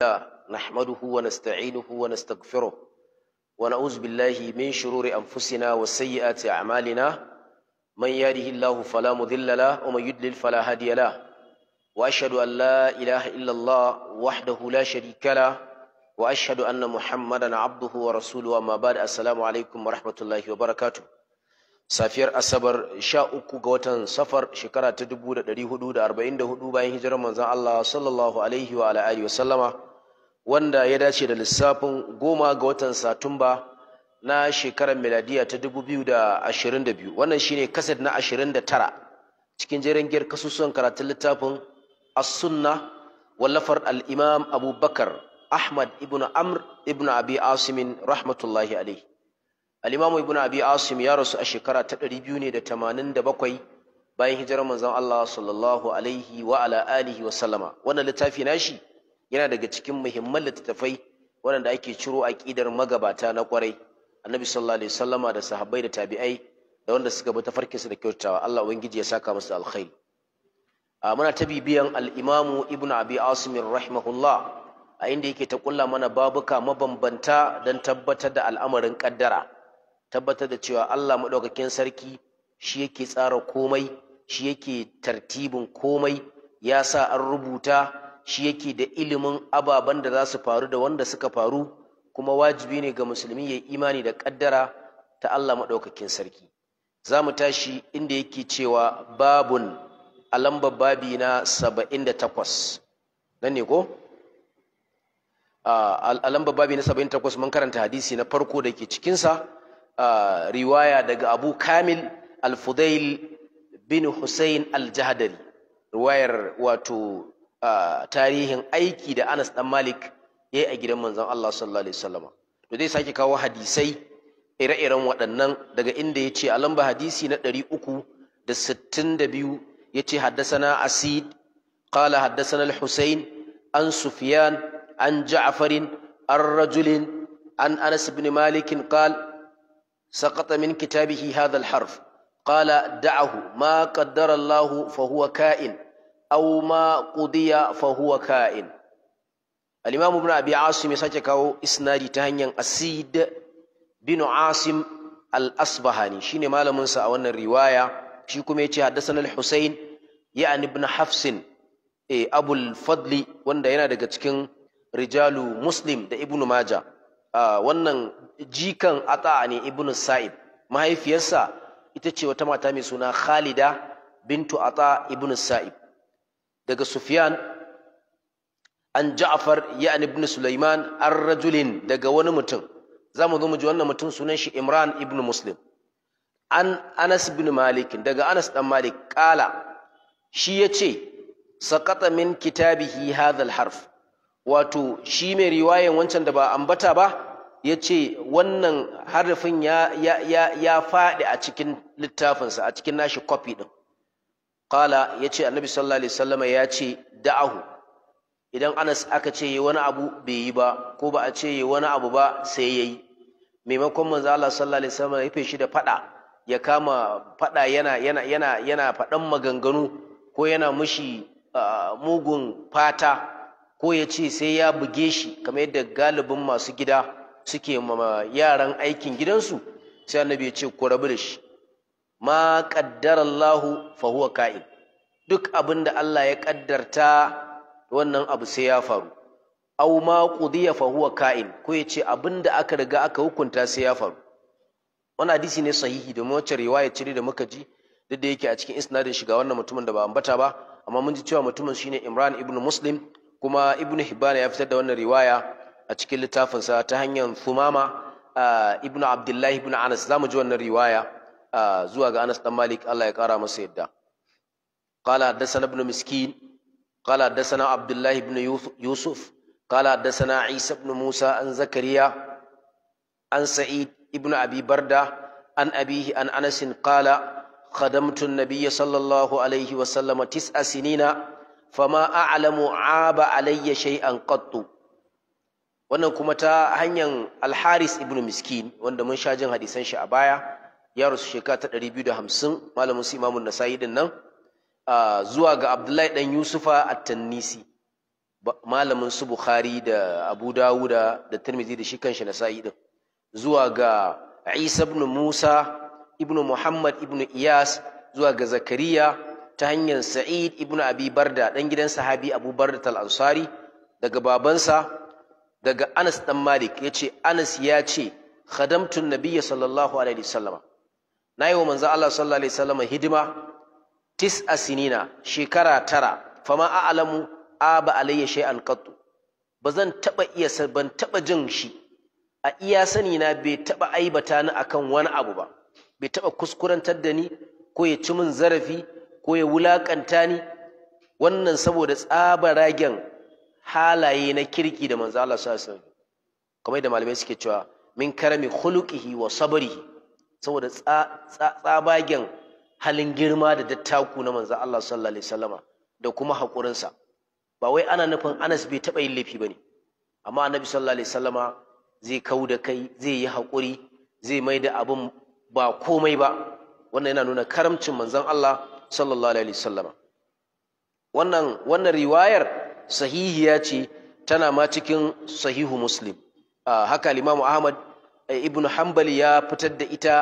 نحمده ونستعينه ونستغفره ونعوذ بالله من شرور أنفسنا وسيئات أعمالنا من يهده الله فلا مضل له ومن يضلل فلا هادي له وأشهد أن لا إله إلا الله وحده لا شريك له وأشهد أن محمدا عبده ورسوله وما بعد السلام عليكم ورحمة الله وبركاته safiyar asabar sha uku ga watan safar shekara ta dubu da ɗari hudu da arba'in da hudu bayan hijirar manzon Allah sallallahu alaihi wa alihi wa sallama wanda ya dace da lissafin goma ga watan satumba na shekarar miladiya ta 2022 wannan shine kaset na ashirin da tara. cikin jerin giyar kasusuwan karatun littafin as-sunna wallafar al-imam abubakar ahmad ibn amr ibn abi asimin rahmatullahi alaihi al ibn abi asim ya rasu a shekara ta 287 bayan hijirar manzon Allah sallallahu alaihi wa ala alihi wa sallama wannan littafi nashi yana daga cikin muhimman littattafai waɗanda ake ciro a ƙidar magabata na ƙwarai annabi sallallahu alaihi wasallama da sahabbai da tabi'ai da wanda suka bi tafarkinsa da kyautatawa Allah ubangiji ya saka musu alkhairi muna ta bibiyan al-Imam Ibn Abi Asim rahimahullah a inda yake ta kulla mana babuka mabambanta dan tabbatar da al'amarin kaddara tabbatar da cewa Allah madaukakin sarki shi yake tsara komai shi yake tartibin komai ya sa an rubuta shi yake da ilimin ababen da za su faru da wanda suka faru kuma wajibi ne ga musulmi ya imani da ƙaddara ta Allah maɗaukakin sarki za mu tashi inda yake cewa babun a lambar babi na saba'in da takwas nan ne ko a lambar babi na saba'in takwas mun karanta hadisi na farko da ke cikinsa riwaya daga abu kamil al-fudail bin hussein al-jahadari riwayar wato tarihin aiki da Anas ɗan Malik yayi a gidan manzon Allah sallallahu alaihi wasallam to zai sake kawo hadisai ire-iren waɗannan daga inda yace a lamba hadisi na 362 yace haddathana Asid qala haddathana Al-Husayn an Sufyan an Ja'far an rajulin an Anas ibn Malik qala سقط من كتابه هذا الحرف قال دعه ما قدر الله فهو كائن aw ma qudiya fa huwa ka'in al-imam ibn abi sake kawo isnadi ta hanyar asida bin asim al-asbahani shine malamin sa a wannan riwaya shi kuma yace haddathana al-husayn ya'ni ibn hafsin eh abul fadli wanda yana daga cikin rijalu muslim da ibnu maja wannan jikan ata ne ibnu sa'ib mahaifiyarsa ita ce wata mata mai suna khalida bintu ata ibnu sa'ib daga Sufiyan an Ja'far ya'ni ibn Sulaiman ar rajulin daga wani mutum zamu zo mu ji wannan mutum sunan shi Imran ibn Muslim an Anas ibn Malik daga Anas dan Malik kala shi yace saqata min kitabihi hadha harf wato shi mai riwayan wancan da ba ambata ba yace wannan harafin ya ya ya, fadi faɗi a cikin littafinsa a cikin nashi copy din ya yace annabi sallallahu alaihi ya ce da'ahu idan Anas aka ce yi wani abu bai yi ba ko ba a ce yi wani abu ba sai yayi maimakon manzo Allah sallallahu alaihi wasallam ya feshi da fada ya kama fada yana yana fadan maganganu ko yana mushi mugun fata ko ya ce sai ya buge shi kamar yadda galibin masu gida suke ma yaran aikin gidansu sai annabi ya ce ku rabu da shi ma qaddarallahu fa huwa ka'in duk abinda Allah ya kaddarta wannan abu sai ya faru aw ma qudiya fa huwa ka'in ko ya yace abinda aka riga aka hukunta sai ya faru wannan hadisi ne sahihi domin wacce riwaya ce da muka ji duk da yake a cikin isnadin shiga wannan mutumin da ba ambata ba amma mun ji cewa mutumin shine Imran ibn Muslim kuma Ibn Hibban ya fitar da wannan riwaya a cikin littafinsa ta hanyar Thumama ah, Ibn Abdullahi ibn Anas zamu ji wannan riwaya zuwa ga Anas dan Malik Allah ya kara masa yadda qala hadathana ibn miskin qala hadathana Abdullah ibn Yusuf qala hadathana Isa ibn Musa an Zakariya an Sa'id ibn Abi Barda an abihi an Anas qala خدمت النبي صلى الله عليه وسلم تسع سنين فما a'lamu aba alayya shay'an qattu wannan kuma ta hanyar alharis ibn miskin wanda mun sha jin hadisan shi a baya ya rasu shekara ta ɗari biyu da hamsin malamin su imamun nasa'i din nan zuwa ga abdullahi ɗan yusufa a tannisi malamin su bukhari da abu dawuda da Turmizi da shi kanshi nasa'i din zuwa ga isa ibn musa ibn muhammad ibn iyas zuwa ga zakariya ta hanyar sa'id ibn abi barda ɗan gidan sahabi abu barda al-ansari daga babansa daga anas ɗan malik ya ce anas ya ce khadamtun Nabiya sallallahu alaihi wasallama na yi wa manzo Allah sallallahu alaihi wasallam hidima tis asinina shekara tara fama a'lamu aba alayya shay'an qattu bazan taba iya ban taba jin shi a iya sani na bai taba aibata ni akan wani abu ba bai taba kuskurantar da ni ko ya ci min zarafi ko ya wulaƙanta ni wannan saboda tsaba ragen halaye na kirki da manzo Allah sallallahu alaihi wasallam kamar da malamai suke cewa min karami khuluqihi wa sabrihi saboda tsabagen halin girma da dattaku na manzan Allah sallallahu alaihi wasallama da kuma haƙurinsa ba wai ana nufin Anas bai taɓa yin laifi ba ne. amma Annabi sallallahu alaihi wasallama zai kau da kai zai yi haƙuri zai mai da abin ba komai ba wannan yana nuna karamcin manzan Allah sallallahu alaihi wasallama wannan wannan riwayar sahihiya ce tana ma cikin sahihu muslim ah, haka limamu ahmad Eh, ibn hanbal ya fitar da ita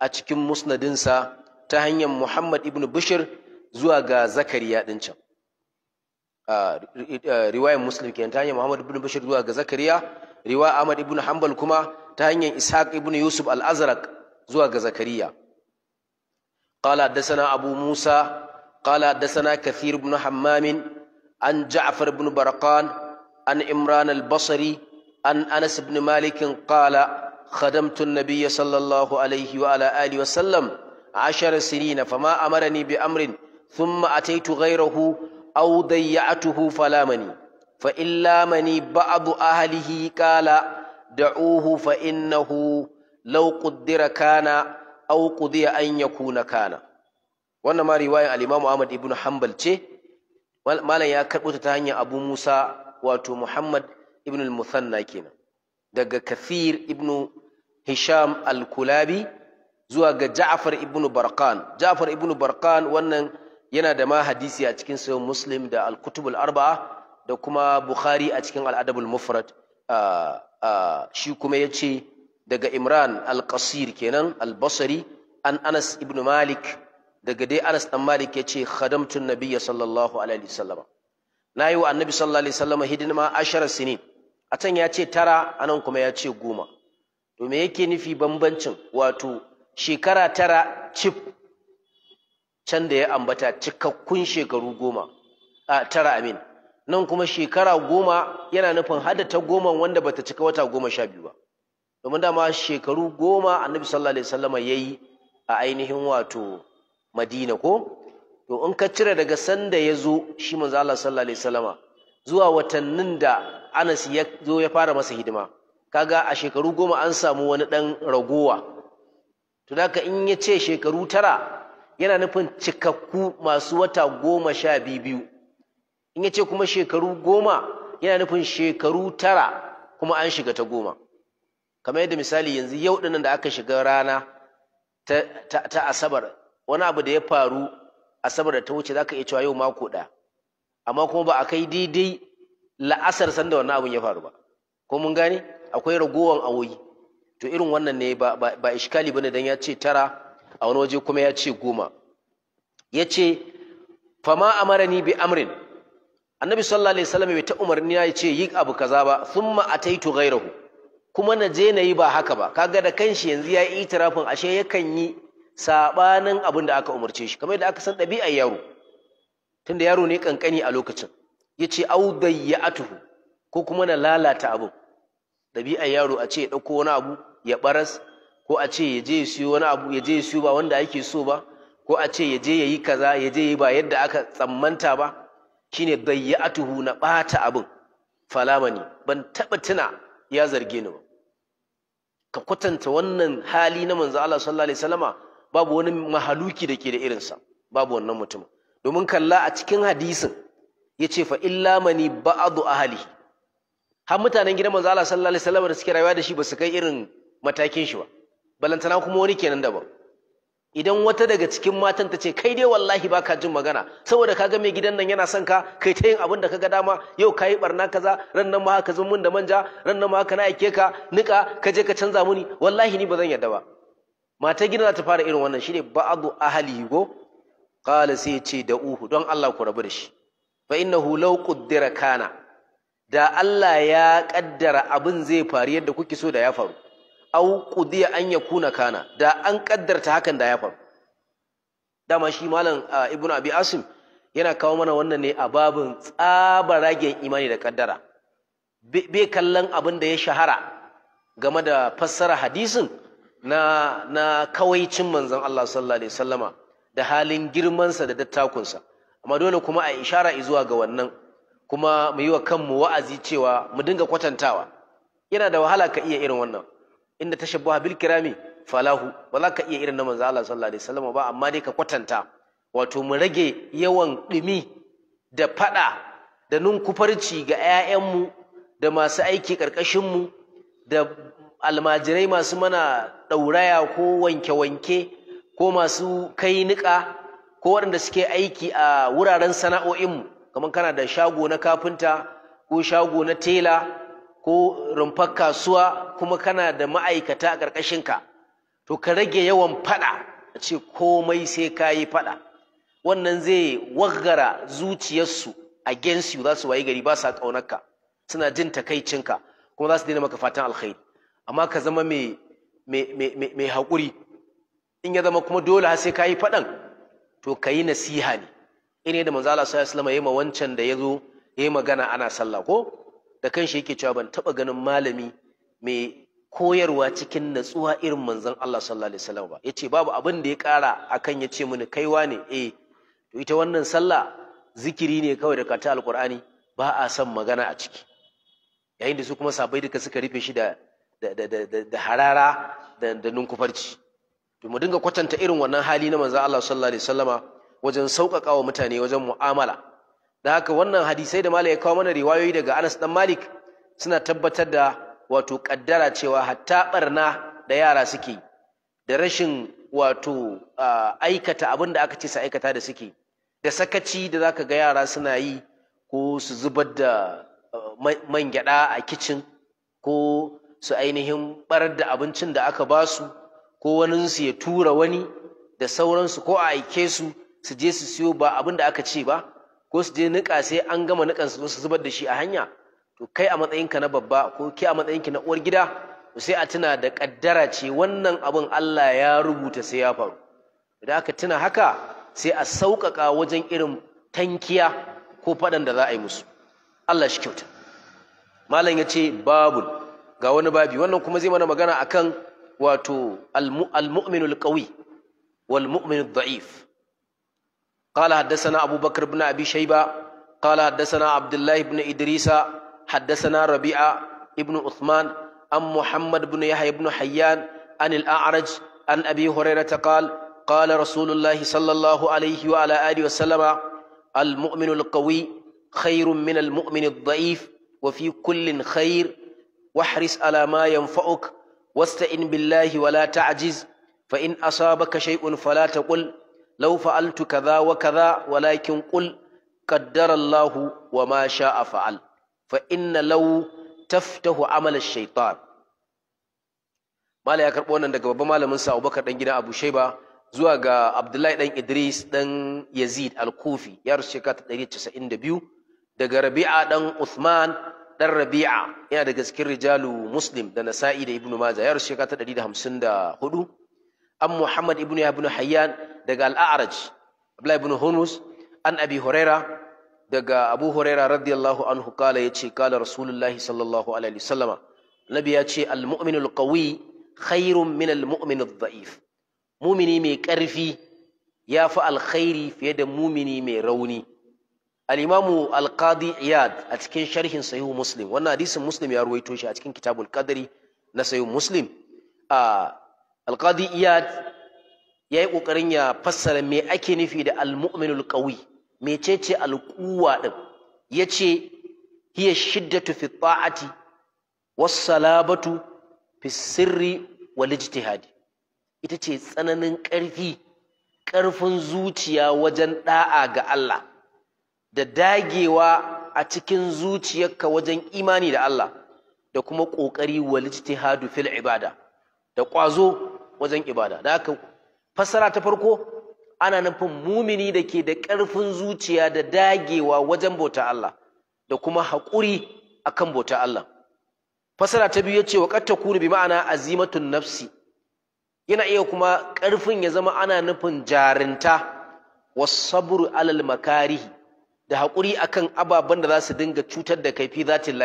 a cikin musnadinsa ta hanyar muhammad ibn bishir zuwa ga zakariya ɗin can riwayar muslim kenan ta hanyar muhammad ibn bishir zuwa ga zakariya riwa ahmad ibn hanbal kuma ta hanyar ishaq ibn yusuf al-azraq zuwa ga zakariya qala haddathana abu musa qala haddathana kathir ibn Hamamin, an ja'far ibn barqan an imran al-basri an anas ibn Malikin ƙala. خدمت النبي صلى الله عليه وعلى آله وسلم عشر سنين فما أمرني بأمر ثم أتيت غيره أو ضيعته فلامني فإلا مني بعض أهله قال دعوه فإنه لو قدر كان أو قضي أن يكون كان wannan ma riwayan al-Imam Ahmad ibn Hanbal ce malam ya karbo ta hanyar Abu Musa wato Muhammad ibn al-Muthanna kenan daga Kathir ibn hisham al-kulabi zuwa ga ja'far ibnu barkan ja'far ibnu barkan wannan yana da ma hadisi a cikin sahih muslim da al-kutub al-arba'a da kuma bukhari a cikin al-adab al-mufrad shi kuma yace daga imran al-qasir kenan al-basri an anas Ibn malik daga dai anas dan malik yace khadamtu nabiyya sallallahu alaihi wasallam nayi wa annabi sallallahu alaihi wasallam hidima ashara sinin a can ya ce tara anan kuma ya ce goma to me yake nufi bambancin wato shekara tara cif can da ya ambata cikakkun shekaru goma a tara amin nan kuma shekara goma yana nufin hada ta goma wanda bata cika wata goma sha biyu ba domin dama shekaru goma annabi sallallahu alaihi wasallama yayi a ainihin wato madina ko to in ka cire daga sanda ya zo shi manzo Allah sallallahu alaihi wasallama zuwa watannin da Anas ya zo ya fara masa hidima kaga a shekaru goma an samu wani ɗan ragowa to haka in ya ce shekaru tara yana nufin cikakku masu wata goma sha biyu in ya ce kuma shekaru goma yana nufin shekaru tara kuma an shiga ta goma kamar yadda misali yanzu yau ɗinnan da aka shiga rana ta, asabar wani abu da ya faru asabar da ta wuce za ka iya cewa yau mako ɗaya amma kuma ba a kai daidai la'asar sanda wani abin ya faru ba ko mun gane akwai ragowar awoyi to irin wannan ne ba ba iskali bane dan ya ce tara a wani waje kuma ya ce goma ya ce fama amarani bi amrin annabi sallallahu alaihi wasallam bai ta umarni ya ce yi abu kaza ba thumma ataitu ghairahu kuma na je na yi ba haka ba kaga da kanshi yanzu ya yi itirafin ashe yakan yi sabanin abin da aka umarce shi kamar yadda aka san ɗabi'ar yaro tunda yaro ne kankani a lokacin ya ce au atuhu ko kuma na lalata abin ɗabi'ar yaro a ce ya ɗauko wani abu ya ɓaras ko a ce ya je ya siyo wani abu ya je ya siyo ba wanda ake so ba ko a ce ya je ya yi kaza ya je ya yi ba yadda aka tsammanta ba shine atuhu na ɓata abin falamani ban taɓa tuna ya zarge ni ba ka kwatanta wannan hali na manzo Allah sallallahu alaihi wasallama babu wani mahaluki da ke da irinsa babu wannan mutum domin kalla a cikin hadisin yace fa illa mani ba'adu ahlihi har mutanen gidan manzo Allah sallallahu alaihi wasallam da suke rayuwa da shi ba su kai irin matakin shi ba balantana kuma wani kenan daban idan wata daga cikin matan ta ce kai dai wallahi baka jin magana saboda kaga mai gidan nan yana son ka kai ta yin abin da kaga dama yau kayi barna kaza ran nan ma haka zumun da manja ran nan ma haka na aike ka nika ka je ka canza muni wallahi ni ba zan yarda ba matar gidan za ta fara irin wannan shine ba'adu ahli go qala sai ce da uhu don Allah ku rabu da shi fa innahu law quddira kana da Allah ya kaddara abin zai faru yadda kuke so da ya faru au qudiya an yakuna kana da an kaddarta hakan da ya faru dama shi malam ibnu abi asim yana kawo mana wannan ne a babin tsabaragen imani da kaddara bai kallon abin da ya shahara game da fassara hadisin na na kawaicin manzon Allah sallallahu alaihi wasallama da halin girmansa da dattakunsa amma dole kuma a ishara zuwa ga wannan kuma mu yi wa kanmu wa'azi cewa mu dinga kwatantawa yana da wahala ka iya irin wannan inda tashabbuha bil kirami falahu ba za ka iya irin na manzo Allah sallallahu alaihi wasallam ba amma dai ka kwatanta wato mu rage yawan dumi da fada da nunkufarci ga 'ya'yanmu da masu aiki karkashin mu da almajirai masu mana ɗauraya ko wanke-wanke ko masu kai niƙa ko waɗanda suke aiki a wuraren sana'o'inmu kamar kana da shago na kafinta ko shago na tela ko rumfar kasuwa kuma kana da ma'aikata a ƙarƙashinka to ka rage yawan faɗa a ce komai sai ka yi faɗa wannan zai waggara zuciyarsu against you za su wayi gari ba sa ƙaunarka suna jin takaicinka kuma za su daina maka fatan alkhairi amma ka zama mai haƙuri in ya zama kuma dole sai ka yi faɗan to ka yi nasiha ne ine da manzo Allah sallallahu alaihi wasallam wancan da yazo yayi magana ana sallah ko da kanshi yake cewa ban taba ganin malami mai koyarwa cikin natsuwa irin manzon Allah sallallahu alaihi wasallam ba yace babu abin da ya kara akan yace mini kaiwa ne eh to ita wannan sallah zikiri ne kawai da kata alqur'ani ba a son magana a ciki yayin da su kuma sabai duka suka rufe shi da da harara da nunkufarci to mu dinga kwatanta irin wannan hali na manzon Allah sallallahu alaihi wasallama wajen sauƙaƙa wa mutane wajen mu'amala da haka wannan hadisai da malai ya kawo mana riwayoyi daga Anas dan Malik suna tabbatar da wato ƙaddara cewa hatta ɓarna da yara suke da rashin wato aikata abinda aka ce su aikata da suke da sakaci da za ka ga yara suna yi ko su zubar da man gyada a kicin ko su ainihin ɓarar da abincin da aka ba su ko waninsu ya tura wani da sauransu ko a aike su su je su siyo ba abin da aka ce ba ko su je niƙa sai an gama niƙan su su zubar da shi a hanya to kai a matsayinka na babba ko ke a matsayinki na uwar gida to sai a tuna da ƙaddara ce wannan abin Allah ya rubuta sai ya faru idan aka tuna haka sai a sauƙaƙa wajen irin tankiya ko faɗan da za a yi musu Allah shi kyauta malam ya ce babul ga wani babi wannan kuma zai mana magana akan wato al-mu'minul qawi wal mu'minud da'if قال حدثنا أبو بكر بن أبي شيبة قال حدثنا عبد الله بن إدريس حدثنا ربيعة ابن عثمان أم محمد بن يحيى بن حيان عن الأعرج عن أبي هريرة قال قال رسول الله صلى الله عليه وعلى آله وسلم المؤمن القوي خير من المؤمن الضعيف وفي كل خير واحرص على ما ينفعك واستئن بالله ولا تعجز فإن أصابك شيء فلا تقل Lau fa'altu kaza wa kaza walakin qul qaddara Allah wa ma sha'a fa'al fa inna law taftahu amal ash mala ya karbo wannan daga babban malamin sa Abubakar dan gida Abu Shayba zuwa ga Abdullahi dan Idris dan Yazid al-Kufi ya rusu shekara 192 daga Rabi'a dan Uthman dan Rabi'a yana daga cikin rijalu Muslim da Nasa'i da Ibn Majah ya rusu shekara 154 an Muhammad ibn Ibn daga al-a'raj abdullah ibn hunus an abi huraira daga abu huraira radiyallahu anhu kala yace kala rasulullahi sallallahu alaihi wasallama nabi ya ce al-mu'minul qawi khairun min al-mu'minid dha'if mumini mai karfi ya fi alkhairi fiye da mumini mai rauni al-imamu al-qadi iyad a cikin sharhin sahihu muslim wannan hadisin muslim ya ruwaito shi a cikin kitabul qadari na sahihu ah, al-qadi iyad yayi kokarin ya fassara me ake nufi da al-mu'minul qawi mecece al-quwa din yace hiya shiddatu fi ta'ati was salabatu fi sirri wal ijtihad ita ce tsananin ƙarfi ƙarfin zuciya wajen da'a ga Allah da dagewa a cikin zuciyarka wajen imani da Allah da kuma ƙoƙari wal ijtihadu fil ibada da ƙwazo wajen ibada da haka fassara ta farko ana nufin mumini da ke da ƙarfin zuciya da dagewa wajen bauta Allah da kuma haƙuri akan bauta Allah fassara ta biyu ya ce wa qad takunu bi ma'ana azimatun nafsi yana iya kuma ƙarfin ya zama ana nufin jarinta wasabru alal makarihi da haƙuri akan ababen da za su dinga cutar da kaifi fi zatin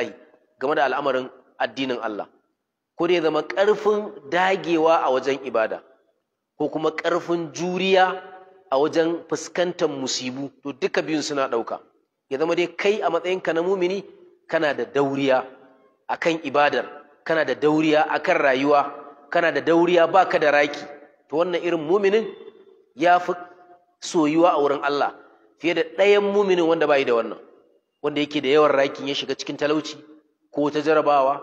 game da al'amarin addinin Allah ko zama ƙarfin dagewa a wajen ibada ko kuma ƙarfin juriya a wajen fuskantar musibu to duka biyun suna ɗauka ya zama dai kai a matsayinka na mumini kana da dauriya akan ibadar kana da dauriya akan rayuwa kana da dauriya baka da raki to wannan irin muminin ya fi soyuwa a wurin Allah fiye da ɗayan muminin wanda bai da wannan wanda yake da yawan rakin ya shiga cikin talauci ko ta jarabawa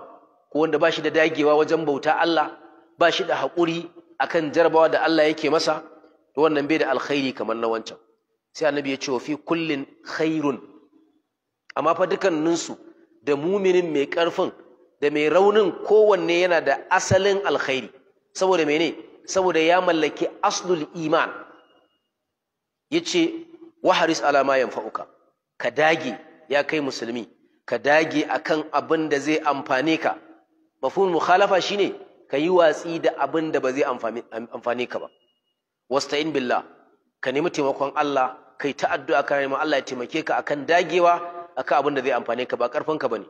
ko wanda ba shi da dagewa wajen bauta Allah ba shi da haƙuri akan jarabawa da Allah yake masa to wannan bai da alkhairi kamar na wancan sai annabi ya ce wa fi kullin khairun amma fa dukkaninsu da muminin mai karfin da mai raunin kowanne yana da asalin alkhairi saboda mene saboda ya mallaki aslul iman yace waharis ala ma yanfa'uka ka dage ya kai musulmi ka dage akan abin da zai amfane ka mafhumul mukhalafa shine ka yi watsi da abin da ba zai amfani ka ba wasta'in billah ka nemi taimakon Allah kai ta ta'addu'a ka neman Allah ya taimake ka akan dagewa akan abin da zai amfane ka ba karfin ka bane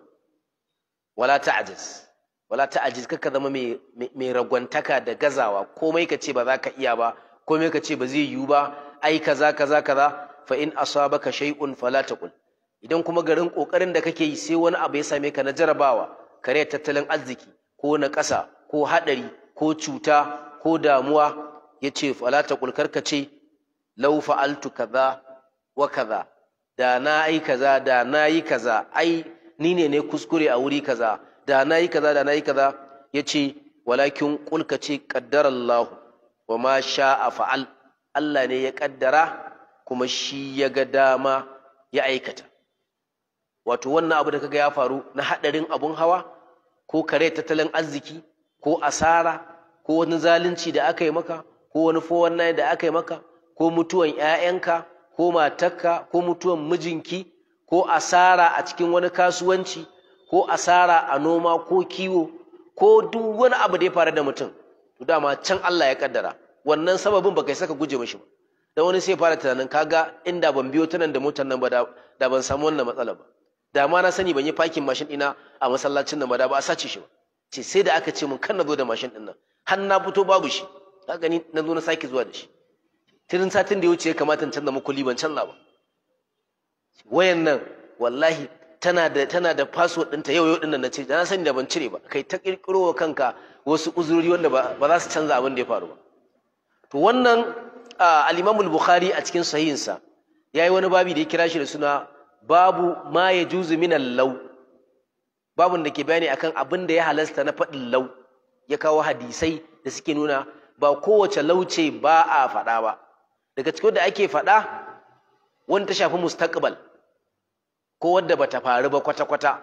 wala ta'ajiz wala ta'ajiz kaka zama mai mai ragwantaka da gazawa komai ka ce ba za ka iya ba komai ka ce ba zai yiwu ba ai kaza kaza kaza fa in asabaka shay'un fala taqul idan kuma garin kokarin da kake yi sai wani abu ya same ka na jarabawa kare tattalin arziki ko na ƙasa ko haɗari ko cuta ko damuwa ya ce falata ka ce lau fa'altu kaza wa kaza da na yi kaza da na yi kaza ai ni ne ne kuskure a wuri kaza da na yi kaza da na yi kaza ya ce walakin kulka ce ƙaddarallahu wa ma a fa'al Allah ne ya ƙaddara kuma shi ya ga dama ya aikata wato wannan abu da kaga ya faru na haɗarin abun hawa ko kare tattalin arziki ko asara ko wani zalunci da aka yi maka ko wani fowan da aka yi maka ko mutuwan 'ya'yanka ko matarka ko mutuwan mijinki ko asara a cikin wani kasuwanci ko asara a noma ko kiwo ko duk wani abu da ya faru da mutum to dama can Allah ya kaddara wannan sababin ba kai saka guje mishi ba dan wani sai fara tunanin kaga inda ban biyo tunan da motar nan ba da ban samu wannan matsala ba da na sani ban yi parking mashin ina a masallacin nan ba da ba a sace shi ba ce sai da aka ce mun kan na zo da mashin din nan har na fito babu shi ka gani na zo na sake zuwa da shi tirin satin da ya wuce ya kamata in canza muku ban canza ba wayan nan wallahi tana da tana da password ta yau yau din nan na ce na sani da ban cire ba kai ta kirkiro wa kanka wasu uzurori wanda ba za su canza abin da ya faru ba to wannan al-Imamul Bukhari a cikin sahihinsa yayi wani babi da ya kira shi da suna babu ma yajuzu min al-law babun da ke bayani akan abin da ya halasta na faɗin lau ya kawo hadisai da suke nuna ba kowace lauce ba a faɗa ba daga cikin da ake faɗa wani ta shafi mustaqbal ko wadda bata faru ba kwata-kwata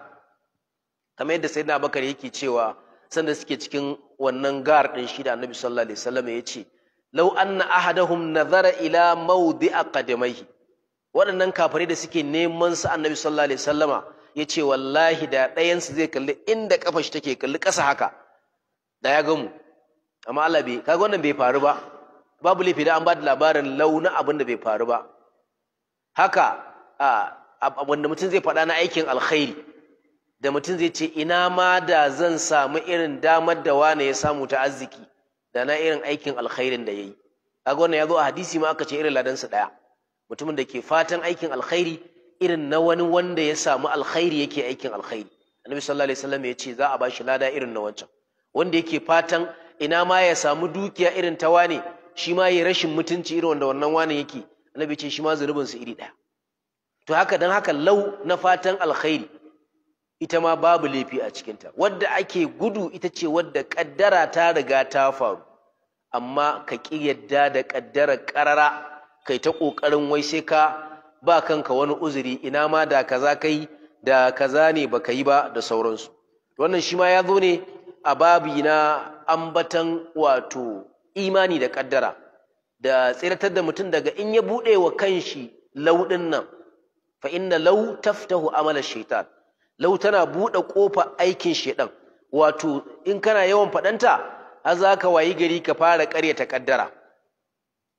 kamar yadda sayyidina bakar yake cewa sanda suke cikin wannan gar din shi da annabi sallallahu alaihi wasallam ya ce law anna ahadahum nazara ila mawdi'a qadamaihi waɗannan kafirai da suke neman su annabi sallallahu alaihi wasallama ya ce wallahi da ɗayansu zai kalli inda ƙafa shi take kalli ƙasa haka da ya gamu amma Allah bai kaga wannan bai faru ba babu laifi da an ba da labarin launa abin da bai faru ba haka wanda mutum zai faɗa na aikin alkhairi da mutum zai ce ina ma da zan samu irin damar da wane ya samu ta arziki da na irin aikin alkhairin da ya yi kaga wannan ya zo a hadisi ma aka ce irin ladansa ɗaya mutumin da ke fatan aikin alkhairi irin na wani wanda ya samu alkhairi yake aikin alkhairi annabi sallallahu alaihi wasallam ya ce za a bashi lada irin na wancan wanda yake fatan ina ma ya samu dukiya irin ta wane shi ma ya rashin mutunci irin wanda wannan wane yake annabi ce shi ma zunubin su iri ɗaya to haka dan haka lau na fatan alkhairi ita ma babu laifi a cikinta wadda ake gudu ita ce wadda kaddara ta riga ta faru amma ka ƙi yadda da kaddara ƙarara kai ta ƙoƙarin wai sai ka ba kanka wani uzuri ina ma da kaza kai da kaza ne baka yi ba da sauransu wannan shi ma ya zo ne a babi na ambatan wato imani da kaddara da tsiratar da mutum daga in ya buɗe wa kanshi lauɗin nan fa inna law taftahu amala shaitan lau tana buɗe ƙofar aikin shaitan wato in kana yawan faɗanta har zaka ka wayi gari ka fara ƙaryata kaddara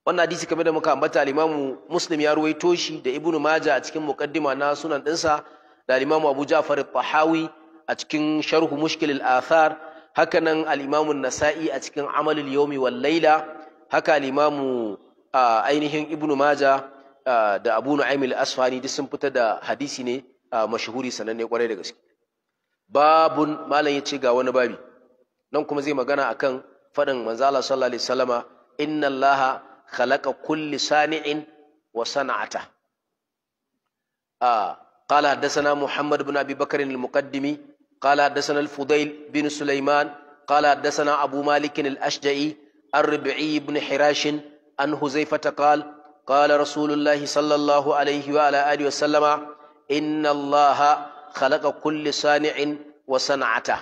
wannan hadisi kamar da muka ambata al-Imam Muslim ya ruwaito shi da Ibn Majah a cikin muqaddima na sunan dinsa da al-Imam Abu Ja'far al-Tahawi a cikin Sharh Mushkil al-Athar haka nan al nasai a cikin Amal al-Yawmi wal Layla haka al-Imam ainihin Ibn Majah da Abu Nu'aym al-Asfani duk sun fita da hadisi ne mashhuri sananne kwarai da gaske babun malam yace ga wani babi nan kuma zai magana akan faɗin manzala sallallahu alaihi wasallama inna allaha khalaqa kulli sani'in wa sana'ata a قال حدثنا محمد بن ابي بكر المقدمي قال حدثنا الفضيل بن سليمان قال حدثنا ابو مالك الاشجعي الربعي بن حراش عن حذيفه قال قال رسول الله صلى الله عليه وعلى اله وسلم ان الله خلق كل صانع وصنعته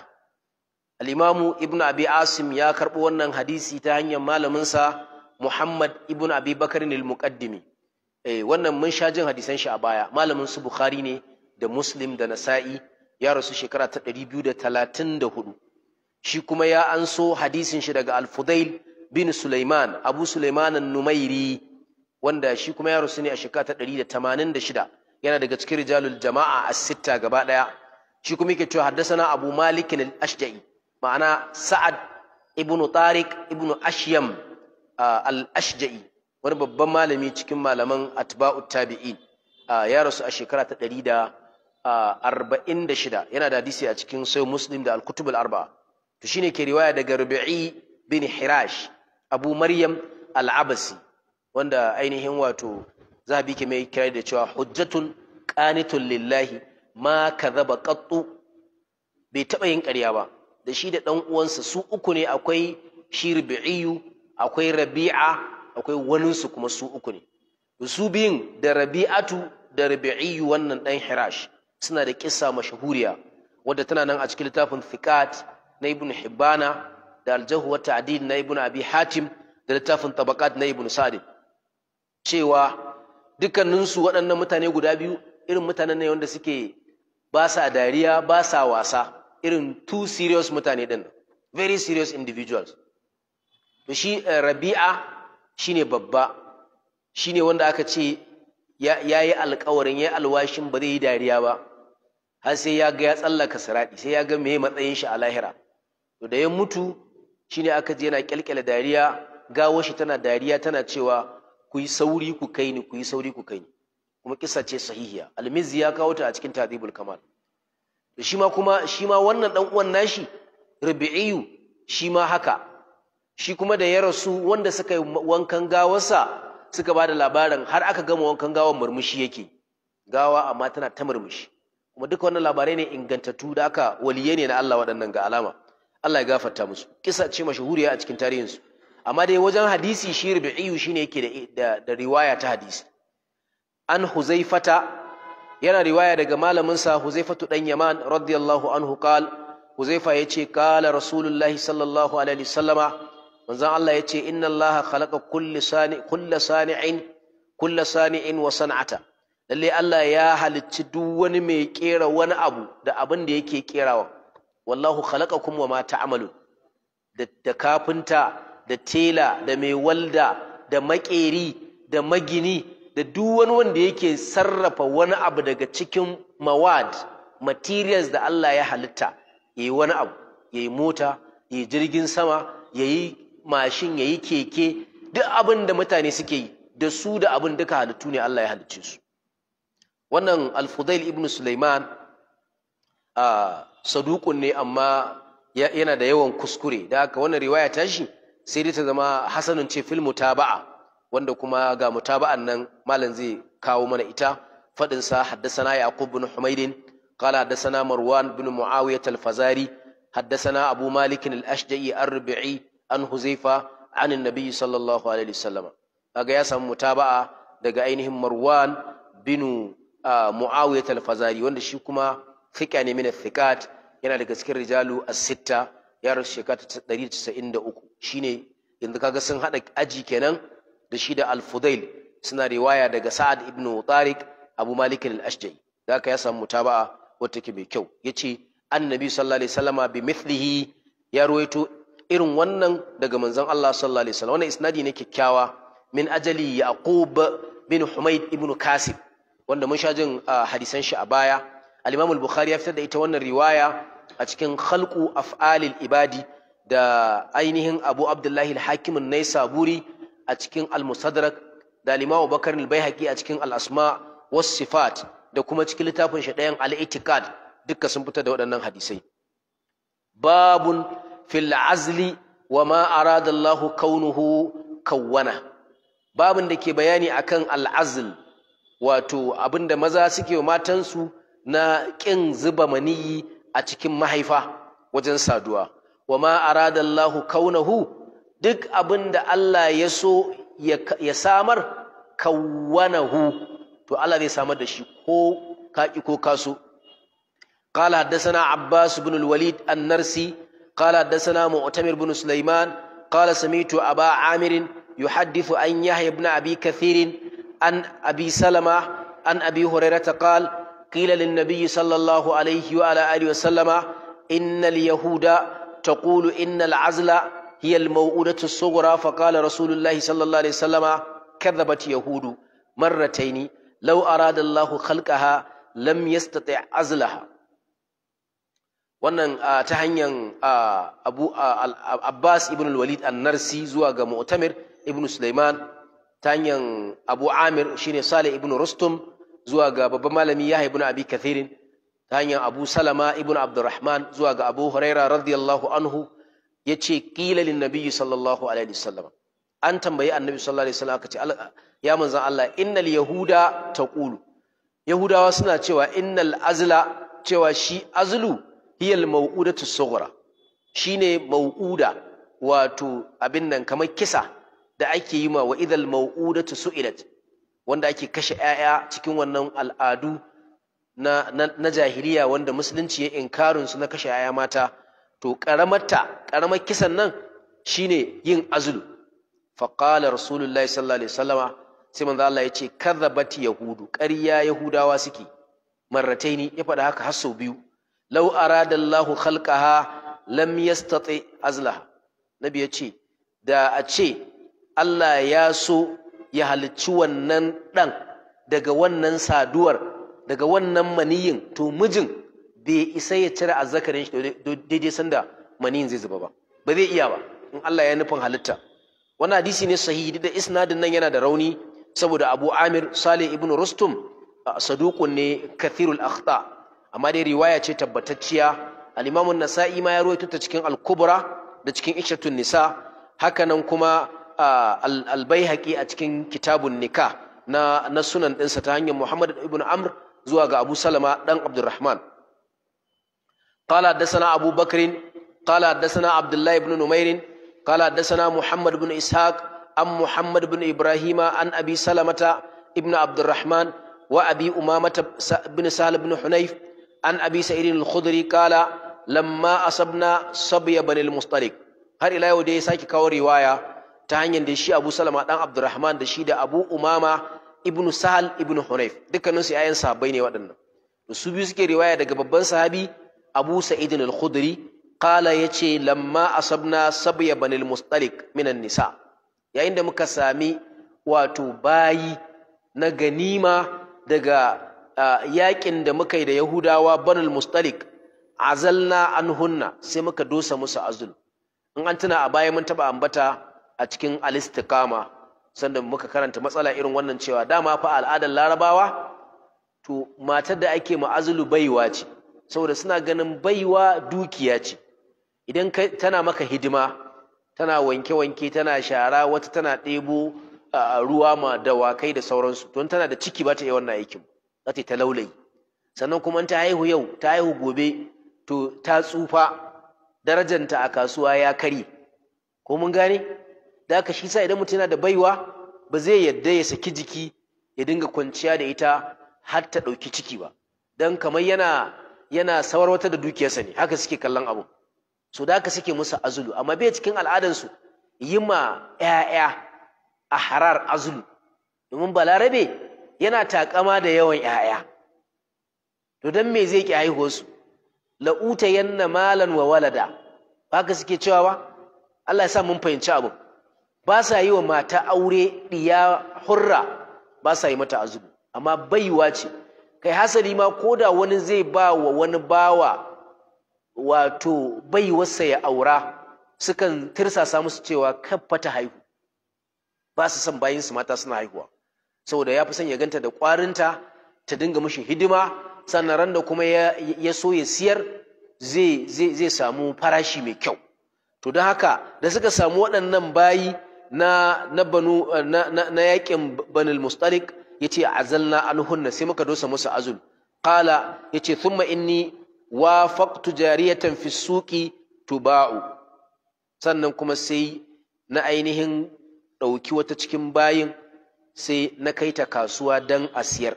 الامام ابن ابي عاصم يا كربو wannan hadisi ta hanyar malamin sa Muhammad ibn Abi Bakar al-Muqaddimi eh wannan mun sha jin hadisan shi a baya malamin su Bukhari ne da Muslim da Nasa'i ya rasu shekara ta 234 shi kuma ya anso hadisin shi daga Al-Fudail bin Sulaiman Abu Sulaiman an-Numairi wanda shi kuma ya rasu ne a shekara ta 186 yana daga cikin rijalul jama'a as-sitta gaba daya shi kuma yake cewa na Abu Malik al-Ashja'i ma'ana Sa'ad ibn Tariq ibn Ashyam al-ashja'i wani babban malami cikin malaman atba'u tabi'in ya rasu a shekara ta ɗari da arba'in da shida yana da hadisi a cikin sai muslim da al al arba'a to shine ke riwaya daga rubi'i bin hirash abu maryam al-abasi wanda ainihin wato zabi ke mai kira da cewa hujjatun qanitun lillahi ma kadhaba qattu bai taɓa yin ƙarya ba da shi da ɗan uwansa su uku ne akwai shi rubi'iyu akwai rabi'a akwai waninsu kuma su uku ne su biyun da rabi'atu da rabi'iyu wannan ɗan hirash suna da kissa mashahuriya wadda tana nan a cikin littafin thiqat na ibn hibbana da aljahu wa ta'dil na ibn abi hatim da littafin tabaqat na ibn sa'd cewa dukkaninsu waɗannan mutane guda biyu irin mutanen ne wanda suke ba sa dariya ba sa wasa irin two serious mutane din very serious individuals to shi eh, rabi'a shine babba shine wanda aka ce ya yi alkawarin ya yi alwashin ba zai yi dariya ba har sai ya ga ya tsallaka siraɗi sai ya ga me matsayin shi a lahira to da ya mutu shine aka je yana kyalkyala dariya gawo shi tana dariya tana cewa ku yi sauri ku kai ni ku yi sauri ku kai ni kuma kisa ce sahihiya almizi ya kawo ta a cikin tadibul kamal to shi kuma shi wannan dan uwan nashi rabi'iyu shi ma haka shi kuma da ya rasu wanda suka yi wankan gawarsa suka ba da labarin har aka gama wankan gawar murmushi yake gawa amma tana ta murmushi kuma duka wannan labarai ne ingantattu da aka waliye ne na Allah waɗannan ga alama Allah ya gafarta musu kisa ce mashahuriya a cikin tarihinsu amma dai wajen hadisi shi rubi'iyu shine yake da, da riwaya ta hadisi an huzaifata yana riwaya daga malamin sa huzaifatu ɗan yaman radiyallahu anhu qal huzaifa yace qala rasulullahi sallallahu alaihi wasallama manzon Allah ya ce inna Allah khalaqa kulli sani kulli sani'in kulli sani'in wa san'ata lalle Allah ya halicci duk wani mai kera wani abu da abin da yake kerawa wallahu khalaqakum wa ma ta'malun da, da kafinta da tela da mai walda da makeri da magini da duk wani wanda yake sarrafa wani abu daga cikin mawad materials da Allah ya halitta yayi wani abu yayi mota yayi jirgin sama yayi mashin ya yi keke duk abin da mutane suke yi da su da abin duka halittu ne Allah ya halicce su wannan al-Fudail ibn Sulaiman a ne amma yana da yawan kuskure da haka wannan riwaya ta shi sai dai ta zama hasanun ce fil mutaba'a wanda kuma ga mutaba'an nan malam zai kawo mana ita fadin sa haddathana yaqub bin humaydin qala haddathana marwan bin muawiyah al-fazari haddathana abu malik al-ashja'i ar-rabi'i an huzaifa an annabi sallallahu alaihi wasallam kaga ya samu mutaba'a daga ainihin marwan bin muawiyah al-fazari wanda shi kuma fiqa ne min al-thiqat yana daga cikin rijalu as-sitta ya rasu shekara 193 shine yanzu kaga sun hada aji kenan da shi da al-fudail suna riwaya daga sa'ad ibn tariq abu malik al-ashja'i kaga ya samu mutaba'a wata ke mai kyau yace annabi sallallahu alaihi wasallama bi mithlihi ya ruwaito irin wannan daga manzon Allah sallallahu alaihi wasallam wannan isnadi ne kyakkyawa min ajali yaqub bin humaid ibn kasib wanda mun sha jin ah, hadisan shi a baya al-imam al-bukhari ya fitar da ita wannan riwaya a cikin khalqu af'alil ibadi da ainihin abu abdullahi al-hakim an-naisaburi a cikin al-musadrak da al-imam bakar al-baihaqi a cikin al-asma was sifat da kuma cikin littafin shi ɗayan al-i'tiqad duka sun fitar da waɗannan hadisai babun fil azli wa ma arada Allahu kaunuhu kawwana babin da ke bayani akan al'azl wato abinda maza suke wa matansu na kin zuba maniyi a cikin mahaifa wajen saduwa wa ma arada Allahu kaunahu duk abinda Allah ya so ya samar kawwanahu to Allah zai samar da shi ko kaki ko kaso قال حدثنا عباس بن الوليد النرسي قال حدثنا مؤتمر بن سليمان قال سميت أبا عامر يحدث أن يحيى بن أبي كثير عن أبي سلمة عن أبي هريرة قال قيل للنبي صلى الله عليه وعلى آله وسلم إن اليهود تقول إن العزل هي الموؤودة الصغرى فقال رسول الله صلى الله عليه وسلم كذبت يهود مرتين لو أراد الله خلقها لم يستطع عزلها wannan ta hanyar abu abbas ibn al walid an-narsi zuwa ga mu'tamir ibn sulaiman ta hanyar abu amir shine salih ibn rustum zuwa ga babban malami yahya ibn abi kathirin ta hanyar abu salama ibn abdurrahman zuwa ga abu huraira radiyallahu anhu ya ce ƙila lin nabiyyi sallallahu alaihi wasallam an tambayi annabi sallallahu alaihi wasallam aka ce ya manzan Allah innal yahuda taqulu yahudawa suna cewa innal azla cewa shi azlu hiyal Maudatu sughra shine mau'uda wato abin nan kamar kisa da ake yi ma wa idal mau'udatu su'ilat wanda ake kashe 'ya'ya cikin wannan al'adu na, na, jahiliya wanda musulunci ya inkarin su na kashe 'ya'ya mata to karamarta karamar kisan nan shine yin azulu faqala rasulullahi sallallahu alaihi wasallama sai manzo Allah ya ce kadhabat yahudu ƙarya yahudawa suke marrataini ya faɗa haka har sau biyu law arada Allahu khalqaha lam yastati azlaha nabi yace da a ce Allah ya so ya halicci wannan dan daga wannan saduwar daga wannan maniyin to mijin bai isa ya cire azzakarin shi daidai sanda maniyin zai zuba ba ba zai iya ba in Allah ya nufin halitta Wani hadisi ne sahihi da isnadin nan yana da rauni saboda Abu Amir Salih ibn Rustum saduqun ne kathirul akhta amma dai riwaya ce tabbatacciya al-imamu nasa'i ma ya ruwaito ta cikin al-kubra da cikin ishatun nisa haka nan kuma al-baihaqi a cikin kitabun nika na na sunan dinsa ta hanyar muhammad ibn amr zuwa ga abu salama dan abdurrahman qala dasana abu bakrin qala dasana abdullah ibn numairin qala dasana muhammad ibn ishaq am muhammad ibn Ibrahim, an abi salamata ibn abdurrahman وابي امامه بن سهل بن حنيف an abi sa'idin al-khudri qala lamma asabna sabya bani al har ila yau da ya saki kawo riwaya ta hanyar da shi Abu Salama dan Abdurrahman da shi da Abu Umama ibn Sahal ibn Hunayf dukkanin su ayan sahabbai ne waɗannan su biyu suke riwaya daga babban sahabi Abu Sa'id al-Khudri qala yace lamma asabna sabya bani al minan nisa yayin da muka sami wato bayi na ganima daga yakin da muka yi da yahudawa banul mustalik azalna hunna sai muka dosa musu azul in an tuna a baya mun taba ambata a cikin alistikama sannan muka karanta matsala irin wannan cewa dama fa al'adar larabawa to matar da ake azulu baiwa ce saboda suna ganin baiwa dukiya ce idan tana maka hidima tana wanke-wanke tana shara wata tana ɗebo ruwa ma dawakai da sauransu don tana da ciki ba ta yi wannan aikin za ta ta laulayi sannan kuma ta haihu yau ta haihu gobe to ta tsufa darajanta a kasuwa ya kare ko mun gane da haka shi sa idan mutum yana da baiwa ba zai yadda ya saki jiki ya dinga kwanciya da ita har ta ɗauki ciki ba don kamar yana yana wata da dukiyarsa ne haka suke kallon abu so da haka suke musu azulu amma bai cikin al'adansu yi ma 'ya'ya a harar azulu domin balarabe yana takama da yawan 'ya'ya to don me zai ki haihuwarsu la'uta yanna malan wa walada ka suke cewa ba Allah ya sa mun fahimci abu ba sa yi wa mata aure ɗiya hurra ba sa yi mata azubu amma baiwa ce kai hasali ma ko da wani zai ba wa wani bawa wato baiwarsa ya aura sukan tirsasa musu cewa kaffata haihu ba su son bayansu mata suna haihuwa saboda ya fi son ya ganta da ƙwarinta ta dinga mashi hidima sannan ran da kuma ya so ya siyar zai samu farashi mai kyau to don haka da suka samu waɗannan bayi na na banu na yaƙin banil mustalik yace azalna alhunna sai muka dosa musu azul qala yace thumma inni faktu jariyatan fi tu tuba'u sannan kuma sai na ainihin ɗauki wata cikin bayin sai na kai ta kasuwa dan siyar.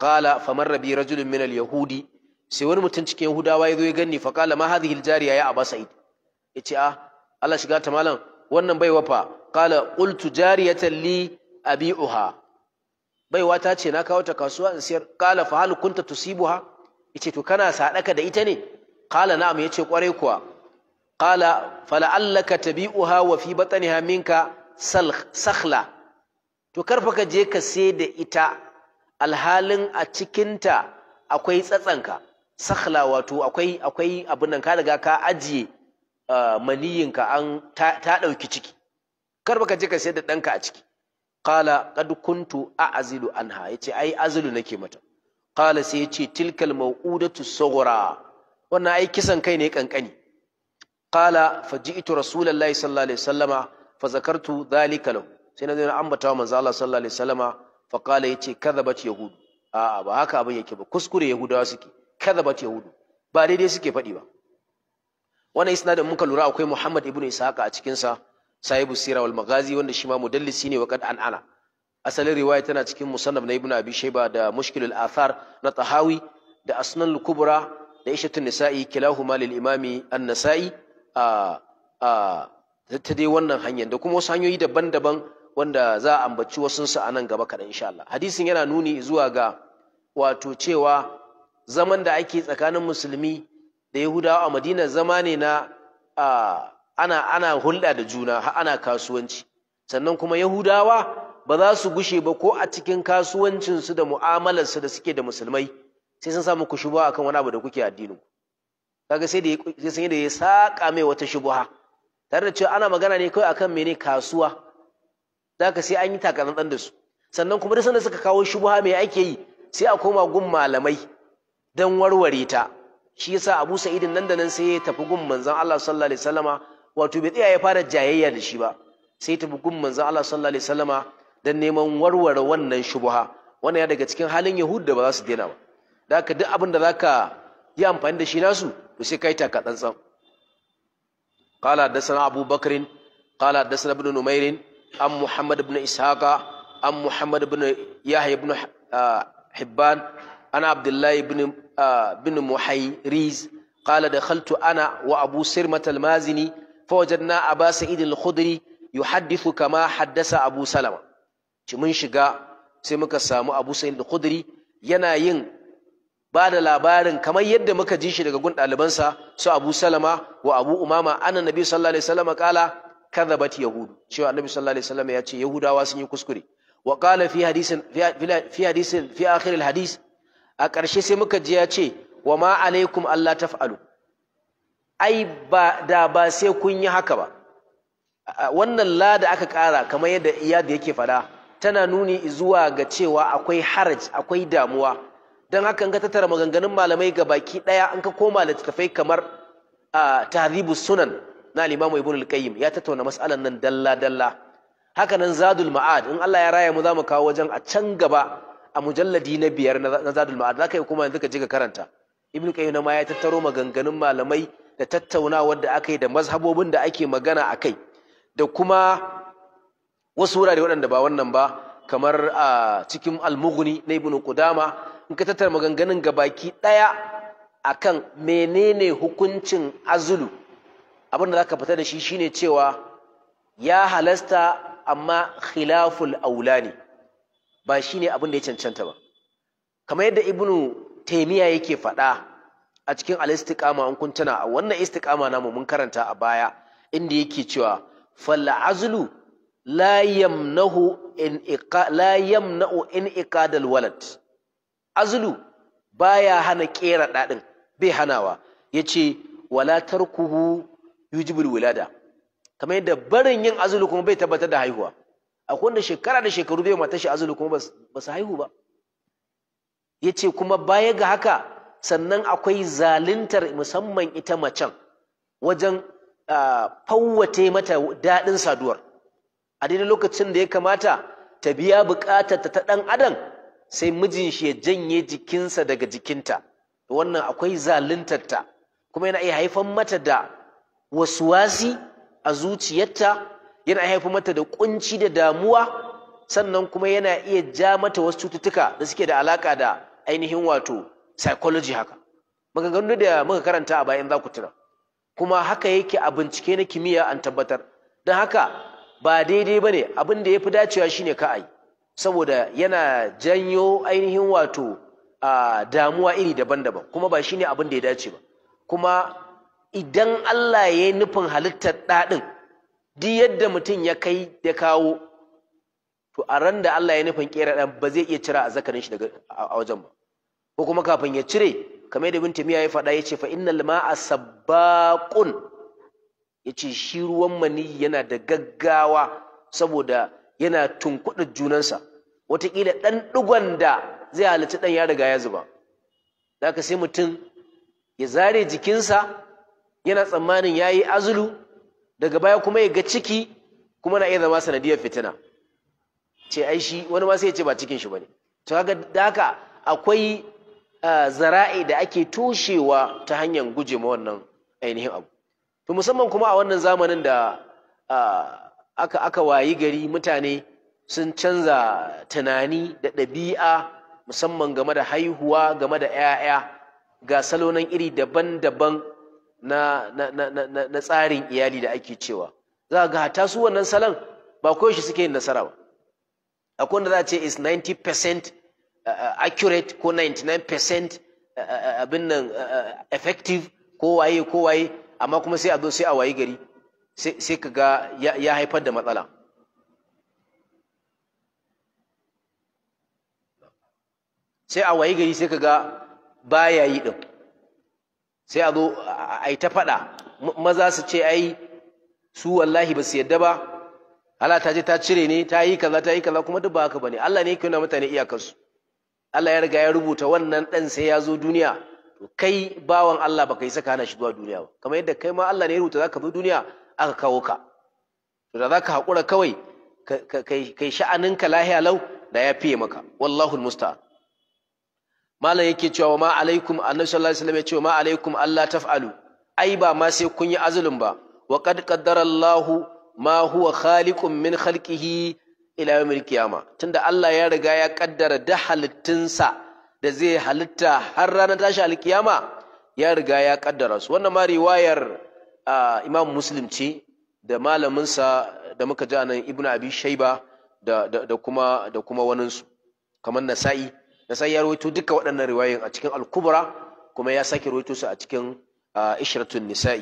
Ƙala famarra bi rajulun min yahudi sai wani mutum cikin yahudawa ya zo ya ganni fa Ƙala ma hadhihi jariya ya aba sa'id yace ah Allah shiga ta malam wannan bai wafa qala qultu jariyatan li abi'uha baiwa ta ce na kawo ta kasuwa in siyar Ƙala fa hal kunta tusibuha ce to kana sadaka da ita ne qala na'am yace kwarai kuwa qala fala'allaka tabi'uha wa fi batniha minka sakhla to karfa ka je ka sai da ita alhalin a cikinta akwai tsatsanka sakhla wato akwai akwai abun nan ka riga ka ajiye maniyinka an ta ɗauki ciki karfa ka je ka sai da ɗanka a ciki qala qad kuntu a'zilu anha yace ai azilu nake mata qala sai yace tilkal mau'udatu sughra wannan ai kisan kai ne kankani qala faji'tu rasulullahi sallallahu alaihi wasallama fa zakartu dhalika lahu sai na zai ambata wa manzo Allah sallallahu alaihi wasallama fa qala yace kadhabat yahud a'a ba haka abin yake ba kuskure yahudawa suke kadhabat yahud ba daidai suke faɗi ba wannan isnadin muka lura akwai Muhammad ibnu Ishaq a cikin sa sahibu sirah wal magazi wanda shi ma mudallisi ne wa an ana asalin riwaya tana cikin musannaf na ibnu abi shayba da mushkilul athar na tahawi da asnan kubra da ishatun nisa'i kilahuma lil imami an-nasa'i a a ta dai wannan hanyar da kuma wasu hanyoyi daban-daban wanda za a ambaci wasunsu a nan gaba kaɗan insha Allah hadisin yana nuni zuwa ga wato cewa zaman da ake tsakanin musulmi da yahudawa a madina zama ne na ana ana hulɗa da juna har ana kasuwanci sannan kuma yahudawa ba za su gushe ba ko a cikin kasuwancinsu da mu'amalarsu da suke da musulmai sai sun samu ku akan wani abu da kuke addinin kaga sai da ya saƙa mai wata shubuha tare da cewa ana magana ne kawai akan mene kasuwa zaka sai an yi dan da su sannan kuma duk sanda suka kawo shubha mai ake yi sai a koma gun malamai don warware ta shi yasa Abu Sa'id nan da nan sai ya tafi gun manzon Allah sallallahu alaihi wasallama wato bai tsaya ya fara jayayya da shi ba sai ya tafi gun manzon Allah sallallahu alaihi wasallama don neman warware wannan shubha wannan ya daga cikin halin Yahud da ba za su daina ba da haka duk abin da zaka yi amfani da shi nasu to sai kai taka tsantsan قال حدثنا أبو بكر قال حدثنا ابن نمير an muhammad ibn ishaqa an muhammad ibn yahya ibn uh, hibban an abdullahi ibn uh, bin muhayriz da haltu ana wa abu sirmat al-mazini fawajadna aba sa'id al-khudri yuhaddithu kama haddasa abu salama mun shiga sai muka samu abu sa'id al-khudri yana yin ba da labarin kamar yadda muka ji shi daga gun ɗalibansa su abu salama wa abu umama annan nabi sallallahu alaihi wasallam kala kadhabat yahud cewa annabi sallallahu alaihi ya ce yahudawa sun yi kuskure wa qala fi hadisin fi hadisin a ƙarshe sai muka ji yace wa ma alaikum Allah taf'alu ai ba da ba sai kun yi haka ba wannan la aka ƙara kamar yadda iyad yake fada tana nuni zuwa ga cewa akwai haraj akwai damuwa don haka in ka tattara maganganun malamai ga baki ɗaya an ka koma littattafai kamar tahribu sunan na al Ibn al-Qayyim ya tattauna mas'alan nan dalla dalla haka nan Zadul Ma'ad in Allah ya raya mu zamu kawo wajen a can gaba a mujalladi na biyar na Zadul Ma'ad zaka yi kuma yanzu ka je ka karanta Ibn Qayyim ma ya tattaro maganganun malamai da tattaunawar da aka da mazhabobin da ake magana a kai da kuma wasu wurare waɗanda ba wannan ba kamar a cikin al al-mughni na ibn qudama in ka tattara maganganun gabaki daya akan menene hukuncin azulu abin da za ka fita da shi shine cewa ya halasta amma khilaful aula ne ba shine abin da ya cancanta ba kamar yadda ibnu taimiya yake faɗa a cikin alistikama an kun tana wannan istikama namu mun karanta a baya inda yake cewa fal azulu la yamnahu in in iqadal walad azlu baya hana kera ɗaɗin bai hanawa yace wala tarkuhu yujibul wilada kamar yadda barin yin azulu kuma bai tabbatar da haihuwa akwai wanda shekara da shekaru bai mata shi azulu kuma ba su haihu ba yace kuma baya ga haka sannan akwai zaluntar musamman ita macen wajen fawwate mata daɗin saduwar a daidai lokacin da ya kamata ta biya bukatar ta ɗan adam sai mijin shi ya janye jikinsa daga jikinta wannan akwai zaluntar ta kuma yana iya haifan mata da Wasu wasi a zuciyarta yana haifar mata da kunci da damuwa sannan kuma yana iya ja mata wasu cututtuka da suke da alaka da ainihin wato psychology haka maganganu da muka karanta a bayan za ku tuna kuma haka yake a bincike na kimiyya an tabbatar don haka ba daidai ba ne abin da ya fi dacewa shine ne ka'ai saboda yana janyo ainihin wato ah, damuwa iri daban-daban kuma ba shine abin da ya dace ba kuma idan Allah ya yi nufin halittar ɗaɗin duk yadda mutum ya kai ya kawo to a ran da Allah ya nufin ƙera ɗan ba zai iya cira a zakarin shi daga a wajen ba ko kuma kafin ya cire kamar da binta miya ya faɗa ya ce fa lima a sabbaƙun ya ce shi ruwan mani yana da gaggawa saboda yana tunkuɗa junansa wataƙila ɗan ɗigon da zai halarci ɗan ya riga ya zuba Za ka sai mutum ya zare jikinsa yana tsammanin ya yi azulu daga baya kuma ya ga ciki kuma na iya zama sanadiyar fitina ce ai wani ma sai ya ce ba cikin shi ba ne. to haka da haka akwai zara'i da ake toshewa ta hanyar guje ma wannan ainihin abu to musamman kuma a wannan zamanin da aka aka wayi gari mutane sun canza tunani da ɗabi'a musamman game da haihuwa game da 'ya'ya ga salonan iri daban-daban na, na, na, na, na tsarin iyali da ake cewa za ga hata su wannan salon ba ko shi suke yin nasara ba akwai wanda za a ce is 90% uh, uh, accurate ko 99% uh, abin nan effective ko waye ko waye amma kuma sai a zo sai a waye gari sai ka ga ya haifar da matsala sai a waye gari sai ka ga baya yi din sai a zo ai ta faɗa maza su ce ai su wallahi ba su yadda ba Allah ta je ta cire ne ta yi kaza ta yi kaza kuma duk ba haka bane Allah ne yake nuna mutane iyakarsu Allah ya riga ya rubuta wannan dan sai ya zo duniya to kai bawan Allah baka yi saka hana shi zuwa duniya ba kamar yadda kai ma Allah ne ya rubuta zaka zo duniya aka kawo ka to da zaka hakura kawai kai kai sha'aninka lahiya lau da ya fiye maka wallahu musta'an malam yake cewa ma alaikum annabi sallallahu alaihi wasallam ya ce ma alaikum Allah taf'alu ai ba ma sai kun yi azulun ba wa qad qaddara Allahu ma huwa khaliqun min khalqihi ila yawmil qiyama tunda Allah ya riga ya kaddara da halittunsa da zai halitta har ranar tashi alkiyama ya riga ya kaddara su wannan ma riwayar Imam Muslim ce da malaminsa da muka ji anan Ibn Abi Shayba da, da, kuma da kuma su kamar Nasa'i Nasa'i ya rawaito duka waɗannan riwayoyin a cikin Al-Kubra kuma ya sake rawaito su a cikin عشرة النساء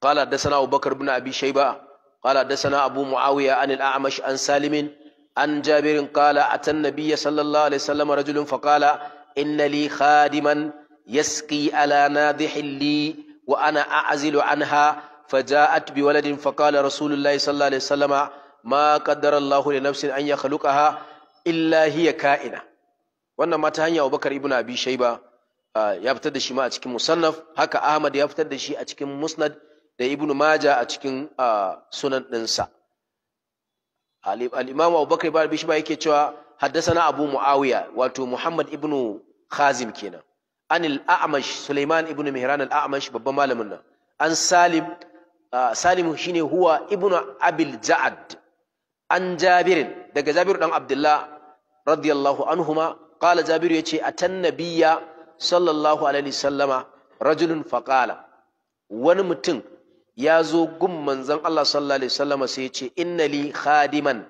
قال حدثنا أبو بكر بن أبي شيبة قال حدثنا أبو معاوية عن الأعمش عن سالم عن جابر قال أتى النبي صلى الله عليه وسلم رجل فقال إن لي خادما يسقي على نادح لي وأنا أعزل عنها فجاءت بولد فقال رسول الله صلى الله عليه وسلم ما قدر الله لنفس أن يخلقها إلا هي كائنة wannan ma ta hanya Abubakar ibn Abi Shayba ya fitar da shi ma a cikin musannaf haka ahmad ya fitar da shi a cikin musnad da ibnu maja a cikin sunan ɗinsa al-imam ba ibn bishma yake cewa haddasa abu muawiya wato muhammad ibnu khazim kenan anil a'mash sulaiman ibnu mihran al babban malamin nan an salim salim shine huwa ibnu abil ja'ad an Jabirin daga Jabiru dan abdullah radiyallahu anhuma qala jabir yace atan nabiyya sallallahu alaihi sallama rajulun faƙala wani mutum ya zo gun manzon Allah sallallahu alaihi sallama sai ya ce inna li khadiman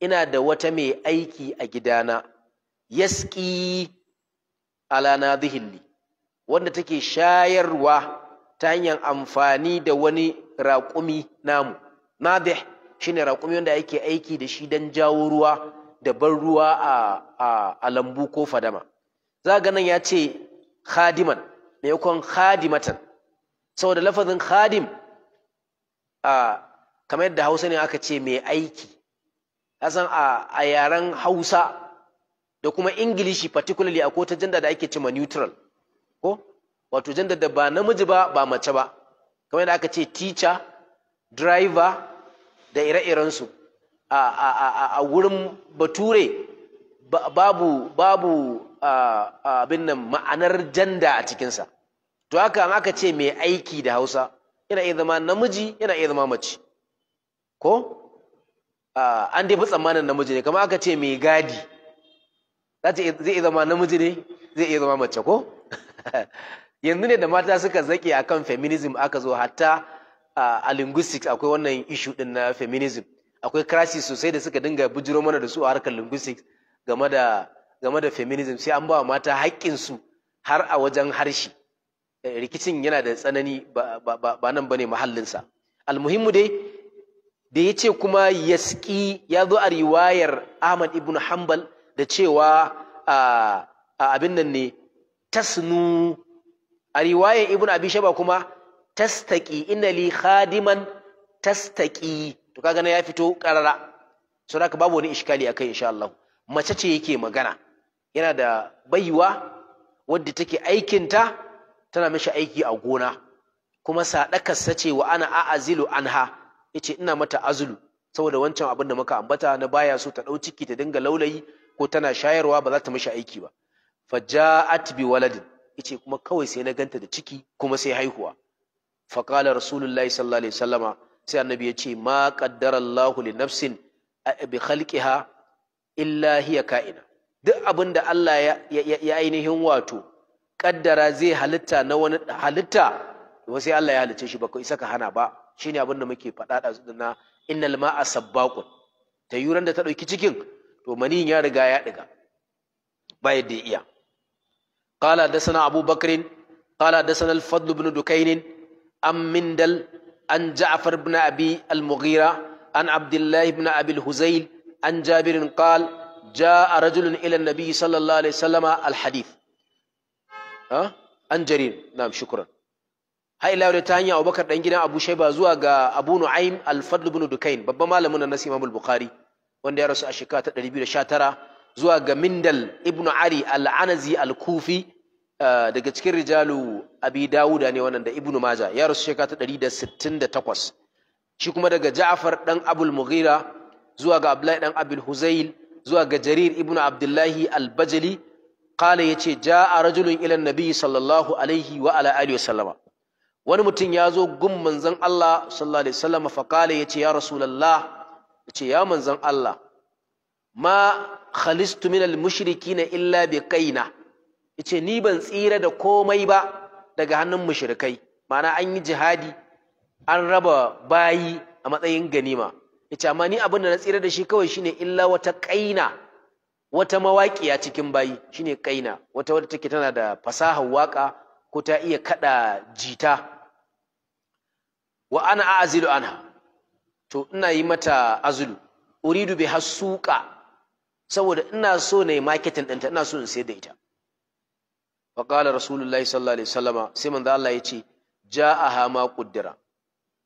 ina da wata mai aiki a gidana yaski ala zihilli wanda take shayarwa ta hanyar amfani da wani raƙumi namu nadih shine raƙumi wanda yake aiki da shi don jawo ruwa da ban ruwa a lambu ko fadama za ga nan ya ce khadiman maimakon khadimatan saboda lafazin khadim a kamar yadda hausa ne aka ce mai aiki Ya a, a yaren hausa da kuma ingilishi particularly a ta janda da ake cima neutral ko wato janda da ba namiji ba ba mace ba kamar yadda aka ce teacher driver da ire-irensu a, a, wurin bature babu abin nan ma'anar janda a cikinsa to haka an aka ce mai aiki da hausa yana iya zama namiji yana iya zama mace ko an dai fi tsammanin namiji ne kama aka ce mai gadi zai iya zama namiji ne zai iya zama mace ko yanzu ne da mata suka zaƙe akan feminism aka zo hatta a linguistics akwai wannan issue ɗin na feminism akwai crisis sosai da suka dinga bujiro mana da su a harkar linguistics game da game da feminism sai an ba wa mata su har a wajen harshe eh, rikicin yana da tsanani ba nan ba ne mahallinsa almuhimmu dai da ya ce kuma yaski ya zo a riwayar ahmad ibn hanbal da cewa a abin nan ne tasnu a riwayar ibn abi shaba kuma tastaki inali, li khadiman tastaki to kaga na ya fito karara saboda babu wani iskali akai insha Allah mace ce yake magana yana da baiwa wadda take aikinta tana mishi aiki a gona kuma sadakarsa ce wa ana a'azilu anha yace ina mata azulu saboda wancan abin da muka ambata na baya so ta dau ciki ta dinga laulayi ko tana shayarwa ba za ta mishi aiki ba faja'at bi waladin yace kuma kawai sai na ganta da ciki kuma sai haihuwa faqala rasulullahi sallallahu alaihi wasallama sai annabi yace ma qaddara Allahu li nafsin bi khalqiha illa hiya ka'ina duk abin da Allah ya ainihin wato ƙaddara zai halitta na wani halitta sai Allah ya halicce shi ba isa ka hana ba shine abin da muke faɗa da na innal ma'a sabbaqun tayuran da ta ɗauki cikin to manin ya riga ya ɗiga ba yadda ya iya qala dasana abu bakrin qala al-fadl ibn dukayn am mindal an ja'far ibn abi al-mughira an abdullah ibn abi al an jabir qala جاء رجل إلى النبي صلى الله عليه وسلم الحديث أه؟ عن جرير نعم شكرا هاي لا رتانيا أبو بكر دنجنا أبو شيبة زوا أبو نعيم الفضل بن دكين بابا مالمنا نسي إمام البخاري wanda ya rasu a shekara ta ɗari biyu da sha tara zuwa ga Mindal ibn Ali al-Anazi al-Kufi daga cikin rijalu Abi ne wannan da Ibn Maja ya rasu shekara ta ɗari da sittin da takwas shi kuma daga Ja'far ɗan Abul zuwa ga Abdullahi ɗan Abul zuwa ga jarir ibn abdullahi albajali kala ya ce ja a rajulun ilan nabi sallallahu alaihi wa ala alihi wasallama wani mutum ya zo gun manzan Allah sallallahu alaihi wasallama fa kala ya ce ya rasulallah ya ce ya manzan Allah ma khalistu min al na illa bi qaina ya ce ni ban tsira da komai ba daga hannun mushrikai ma'ana an yi jihadi an raba bayi a matsayin ganima yace amma ni abin da na tsira da shi kawai shine illa wata kaina wata mawaƙiya cikin bayi shine kaina wata wadda take tana da fasahar waƙa ko ta iya kaɗa jita wa ana a'zilu anha to ina yi mata azulu uridu bi hasuka saboda ina so na yi marketing ɗinta ina so in sayar da ita fa qala rasulullahi sallallahu alaihi wasallama sai manzo Allah ya ce ja'aha ma quddira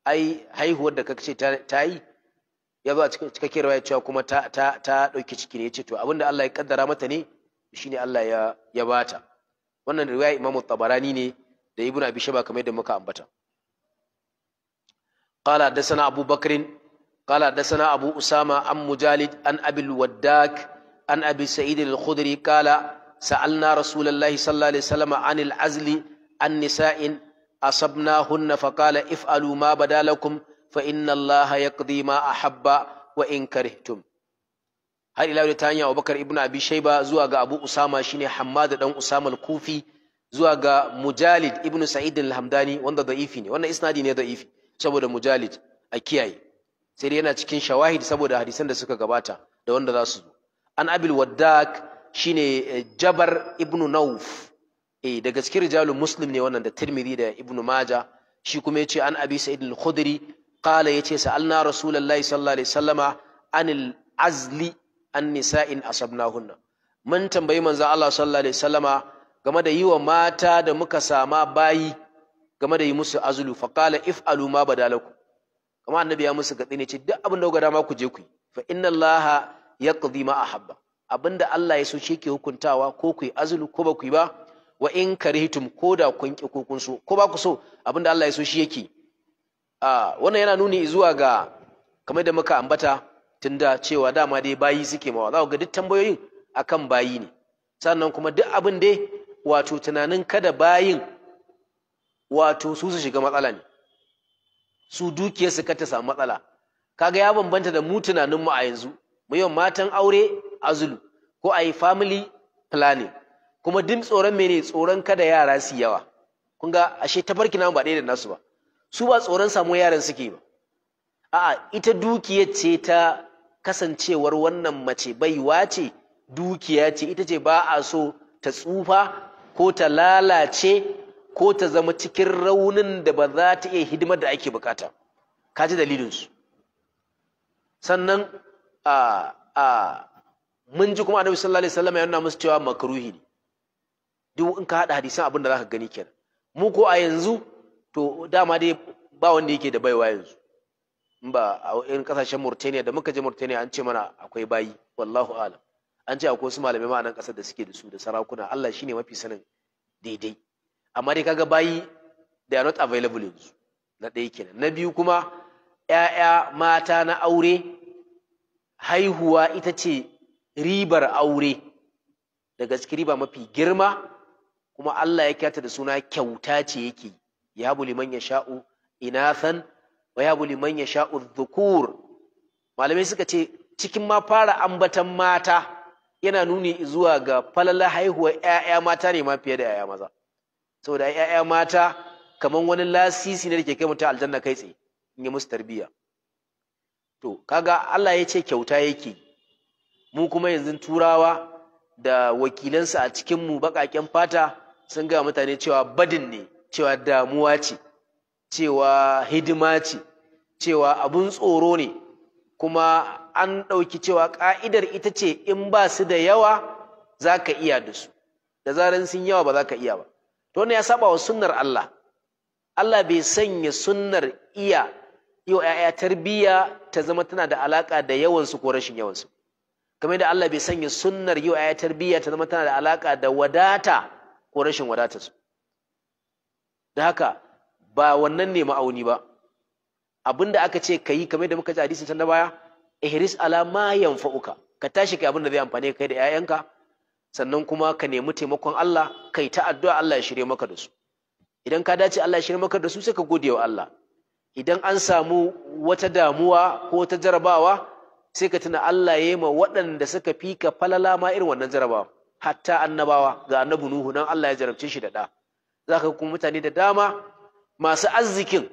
ai haihuwar da kake ce ta yi ya zo a cikakken cewa kuma ta, ta, ta ɗauki ciki ne ya ce to abin da Allah ya kaddara mata ne shi ne Allah ya, ya ba ta wannan riwaya imamu tabarani ne da ibn abi shaba kamar yadda muka ambata qala da sana abu bakrin qala da sana abu usama an mujalid an abil waddak an abi sa'id al khudri qala sa'alna rasulullah sallallahu alaihi wasallam an al azli an nisa'in asabnahunna fa qala if'alu ma badalakum lakum fa inna Allah yaqdi ma ahabba wa in karihtum har ila ta hanyar Abubakar ibn Abi shaiba zuwa ga Abu Usama shine Hammad dan Usama al-Kufi zuwa ga Mujalid ibn Sa'id al-Hamdani wanda da'ifi ne wannan isnadi ne da'ifi saboda Mujalid a kiyaye sai dai yana cikin shawahid saboda hadisan da suka gabata da wanda za su zo an abil waddak shine eh, Jabar ibn Nauf e eh, daga cikin rijalul Muslim ne wannan da Tirmidhi da Ibn Majah shi kuma ce an Abi Sa'id al-Khudri qala yace sa'alna rasulullahi Allah alaihi wasallama anil azli an nisa'in asabnahunna mun tambayi manzo Allah sallallahu alaihi game da yi wa mata da muka sama bayi game da yi musu azulu fa qala if'alu ma badalaku kuma annabi ya musu gatsi ne ce duk abin da kuka dama ku je ku yi fa inna allaha yaqdi ma ahabba abinda Allah ya so shi ke hukuntawa ko ku yi azulu ko ba yi ba wa in karihtum ko da kun ki ko kun so ko ba ku so abinda Allah ya so shi yake wannan yana nuni zuwa ga kamar da muka ambata tunda cewa dama dai bayi suke mawa za ku ga duk tambayoyin akan bayi ne sannan kuma duk abin dai wato tunanin kada bayin wato su su shiga matsala ne su dukiyar su ta samu matsala kaga ya bambanta da mu tunanin mu a yanzu mu yi matan aure azulu ko a yi family planning kuma duk tsoron mene tsoron kada yara su yawa kun ga ashe tafarki na ba ɗaya da nasu ba su ba tsoron samu yaran suke ba a'a ita dukiyar ce ta kasancewar wannan mace baiwa ce dukiya ce ita ce ba a so ta tsufa ko ta lalace ko ta zama cikin raunin da ba za ta iya hidimar da ake bukata ka ji dalilinsu sannan a a mun ji kuma annabi sallallahu alaihi wasallam ya nuna musu cewa makruhi ne duk in ka hada hadisan abin da zaka gani kenan mu ko a yanzu to dama dai ba wanda yake da baiwa yanzu in ba a irin kasashen Mauritania da muka je Mauritania an ce mana akwai bayi wallahu alam an ce akwai wasu malamai ma nan kasar da suke da su da sarakuna Allah shine mafi sanin daidai amma dai kaga bayi they are not available yanzu na ɗaya kenan na biyu kuma ‘ya'ya mata na aure haihuwa ita ce ribar aure daga cikin riba mafi girma kuma Allah ya kyata da suna kyauta ce yake yi ya bu liman ya sha'u inathan wa ya liman ya dhukur malamai suka ce cikin ma fara ambatan mata yana nuni zuwa ga falala haihuwar ‘ya'ya mata ne ma fiye da ‘ya'ya maza saboda ‘ya'ya mata kamar wani lasisi ne da ke kai mutum aljanna kai tsaye in yi musu tarbiyya to kaga Allah ya ce kyauta yake mu kuma yanzu turawa da wakilansa a cikin mu baƙaƙen fata sun ga mutane cewa badin ne cewa damuwa ce cewa hidima ce cewa abun tsoro ne kuma an ɗauki cewa ƙa'idar ita ce in ba su da yawa za ka iya da su da zaran sun yawa ba za ka iya ba to ne ya saba wa sunnar Allah Allah bai sanya sunnar iya yau ‘ya'ya tarbiyya ta zama tana da alaƙa da yawansu ko rashin yawansu kamar da Allah bai sanya sunnar yau ‘ya'ya tarbiyya ta zama tana da alaƙa da wadata ko rashin wadatarsu da haka ba wannan ne ma'auni ba Abin da aka ce ka yi kamar da muka ji hadisin can da baya ihris ala ma yanfa'uka ka tashi kai da zai amfane kai da ka. sannan kuma ka nemi taimakon Allah kai ta addu'a Allah ya shirye maka da su idan ka dace Allah ya shirye maka da su sai ka gode wa Allah idan an samu wata damuwa ko ta jarabawa sai ka tuna Allah ya yi ma waɗanda suka fi ka falala ma irin wannan jarabawa hatta annabawa ga annabi Nuhu nan Allah ya jarabce shi da ɗa za ka kuma mutane da dama masu arzikin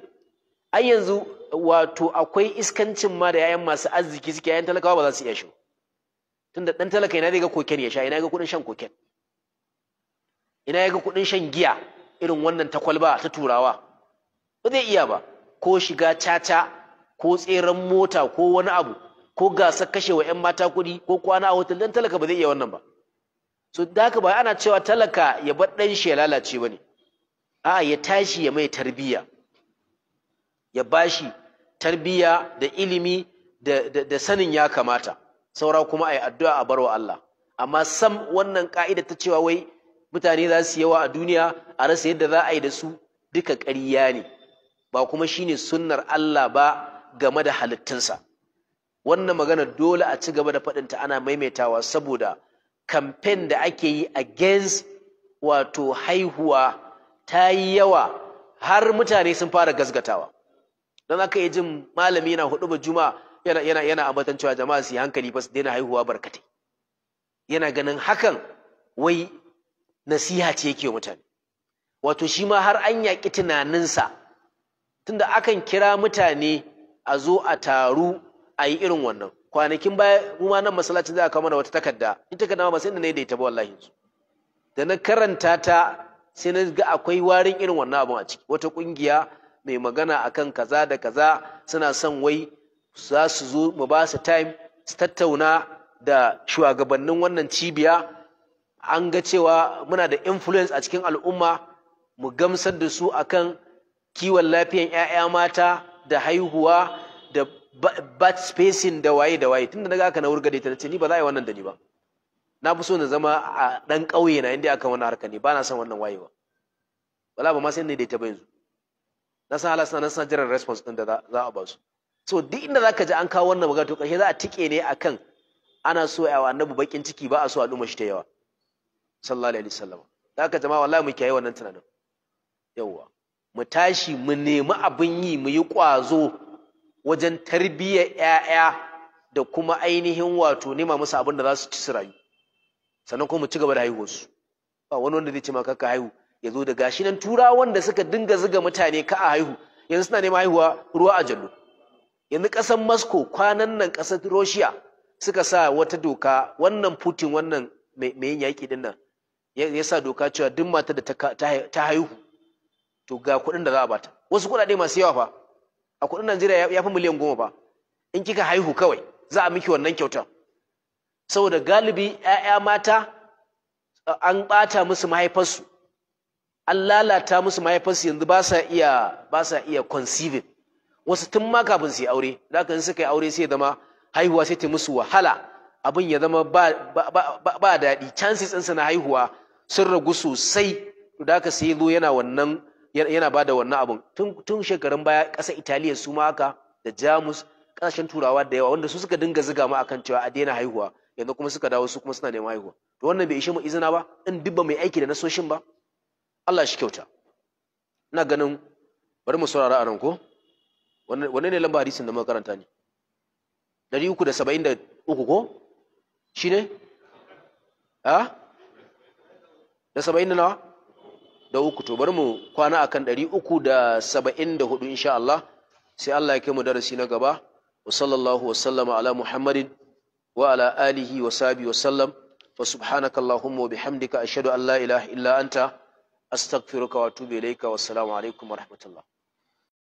ai yanzu wato akwai iskancin ma da yayan masu arziki suke yayan talakawa ba za su iya shi tunda dan talaka ina ga koken ya sha ina ga kudin shan koken ina ga kudin shan giya irin wannan ta kwalba ta turawa ba zai iya ba ko shiga caca ko tseren mota ko wani abu ko gasar kashe wa 'yan mata kuɗi ko kwana a hotel dan talaka ba zai iya wannan ba so da haka ba ana cewa talaka ya bar dan shi ya lalace ba ne a ya tashi ya mai tarbiya ya bashi tarbiya da ilimi da, sanin ya kamata saura kuma a yi addu'a a barwa Allah amma sam wannan ka'ida ta cewa wai mutane za su yawa a duniya a rasa yadda za a yi da su duka ƙarya ne ba kuma shine sunnar Allah ba game da halittunsa wannan magana dole a ci gaba da faɗinta ana maimaitawa saboda kamfen da ake yi against wato haihuwa ta yi yawa har mutane sun fara gasgatawa don aka yi jin malami yana hudu ba juma yana yana yana cewa jama'a su yi hankali ba su daina haihuwa barkatai yana ganin hakan wai nasiha ce yake mutane wato shi ma har an yaƙi tunaninsa tunda akan kira mutane a zo a taru a yi irin wannan kwanakin baya mu ma nan masallacin za a kawo mana wata takarda in takarda ma ba sai inda na yi da ita ba wallahi da na karanta ta sai na ga akwai warin irin wannan abin a ciki wata kungiya mai magana akan kaza da kaza suna son wai za su zo mu ba su time su tattauna da shugabannin wannan cibiya an ga cewa muna da influence a cikin al'umma mu gamsar da su akan kiwon lafiyan 'ya'ya mata da haihuwa da bat spacing da waye da waye tunda na ga aka na wurga da ita ni ba za a yi wannan da ni ba na fi so na zama a ɗan ƙauye na inda aka wani harka ne ba na son wannan wayewa wala ba ma sai ne da ita ba yanzu na san halasta na san jiran response ɗin da za a ba su so duk inda za ka ji an kawo wannan magana to ƙarshe za a tike ne a kan ana so a annabi bakin ciki ba a so ɗuma shi ta yawa sallallahu alaihi wasallam da haka jama'a wallahi mu kiyaye wannan tunanin yawwa mu tashi mu nemi abin yi mu yi ƙwazo wajen tarbiyyar 'ya'ya da kuma ainihin wato nema musu abin da za su ci su rayu sannan kuma mu ci gaba da haihuwarsu ba wani wanda zai ce ma ka haihu ya zo da gashi nan Tura wanda suka dinga zuga mutane ka a haihu yanzu suna neman haihuwa ruwa a jallo yanzu ƙasar Moscow kwanan nan ƙasar Russia suka sa wata doka wannan Putin wannan mai yin yaƙi din nan ya doka cewa duk matar da ta haihu to ga kuɗin da za a bata wasu kuɗaɗe masu yawa fa a kuɗin Najeriya ya fi miliyan goma fa in kika haihu kawai za a miki wannan kyautar. saboda galibi ‘ya'ya mata an ɓata musu mahaifarsu an lalata musu mahaifarsu yanzu ba sa iya ba sa iya conceiving wasu tun ma kafin su yi aure da kan suka yi aure sai zama haihuwa sai ta musu wahala abin ya zama ba daɗi chances ɗinsa na haihuwa sun ragu sosai da ka sai zo yana wannan yana ba da wannan abin tun shekarun baya ƙasar italiya su ma haka da jamus ƙasashen turawa da yawa wanda su suka dinga ziga ma akan cewa a daina haihuwa yanzu kuma suka dawo su kuma suna neman haihuwa to wannan bai ishe mu izina ba in duk ba mai aiki da nasoshin ba Allah shi kyauta ina ganin bari mu saurara a nan ko wanne ne lamba hadisin da muka karanta ne dari uku da saba'in da uku ko shi ne a da saba'in da nawa da uku to bari mu kwana akan dari uku da saba'in da hudu insha Allah sai Allah ya kai mu darasi na gaba wa sallallahu wa sallama ala Muhammadin wa ala alihi wa sabi wa sallam wa subhanaka allahumma wa bihamdika ashhadu an la ilaha illa anta astaghfiruka wa atubu ilayka wa assalamu alaikum wa rahmatullah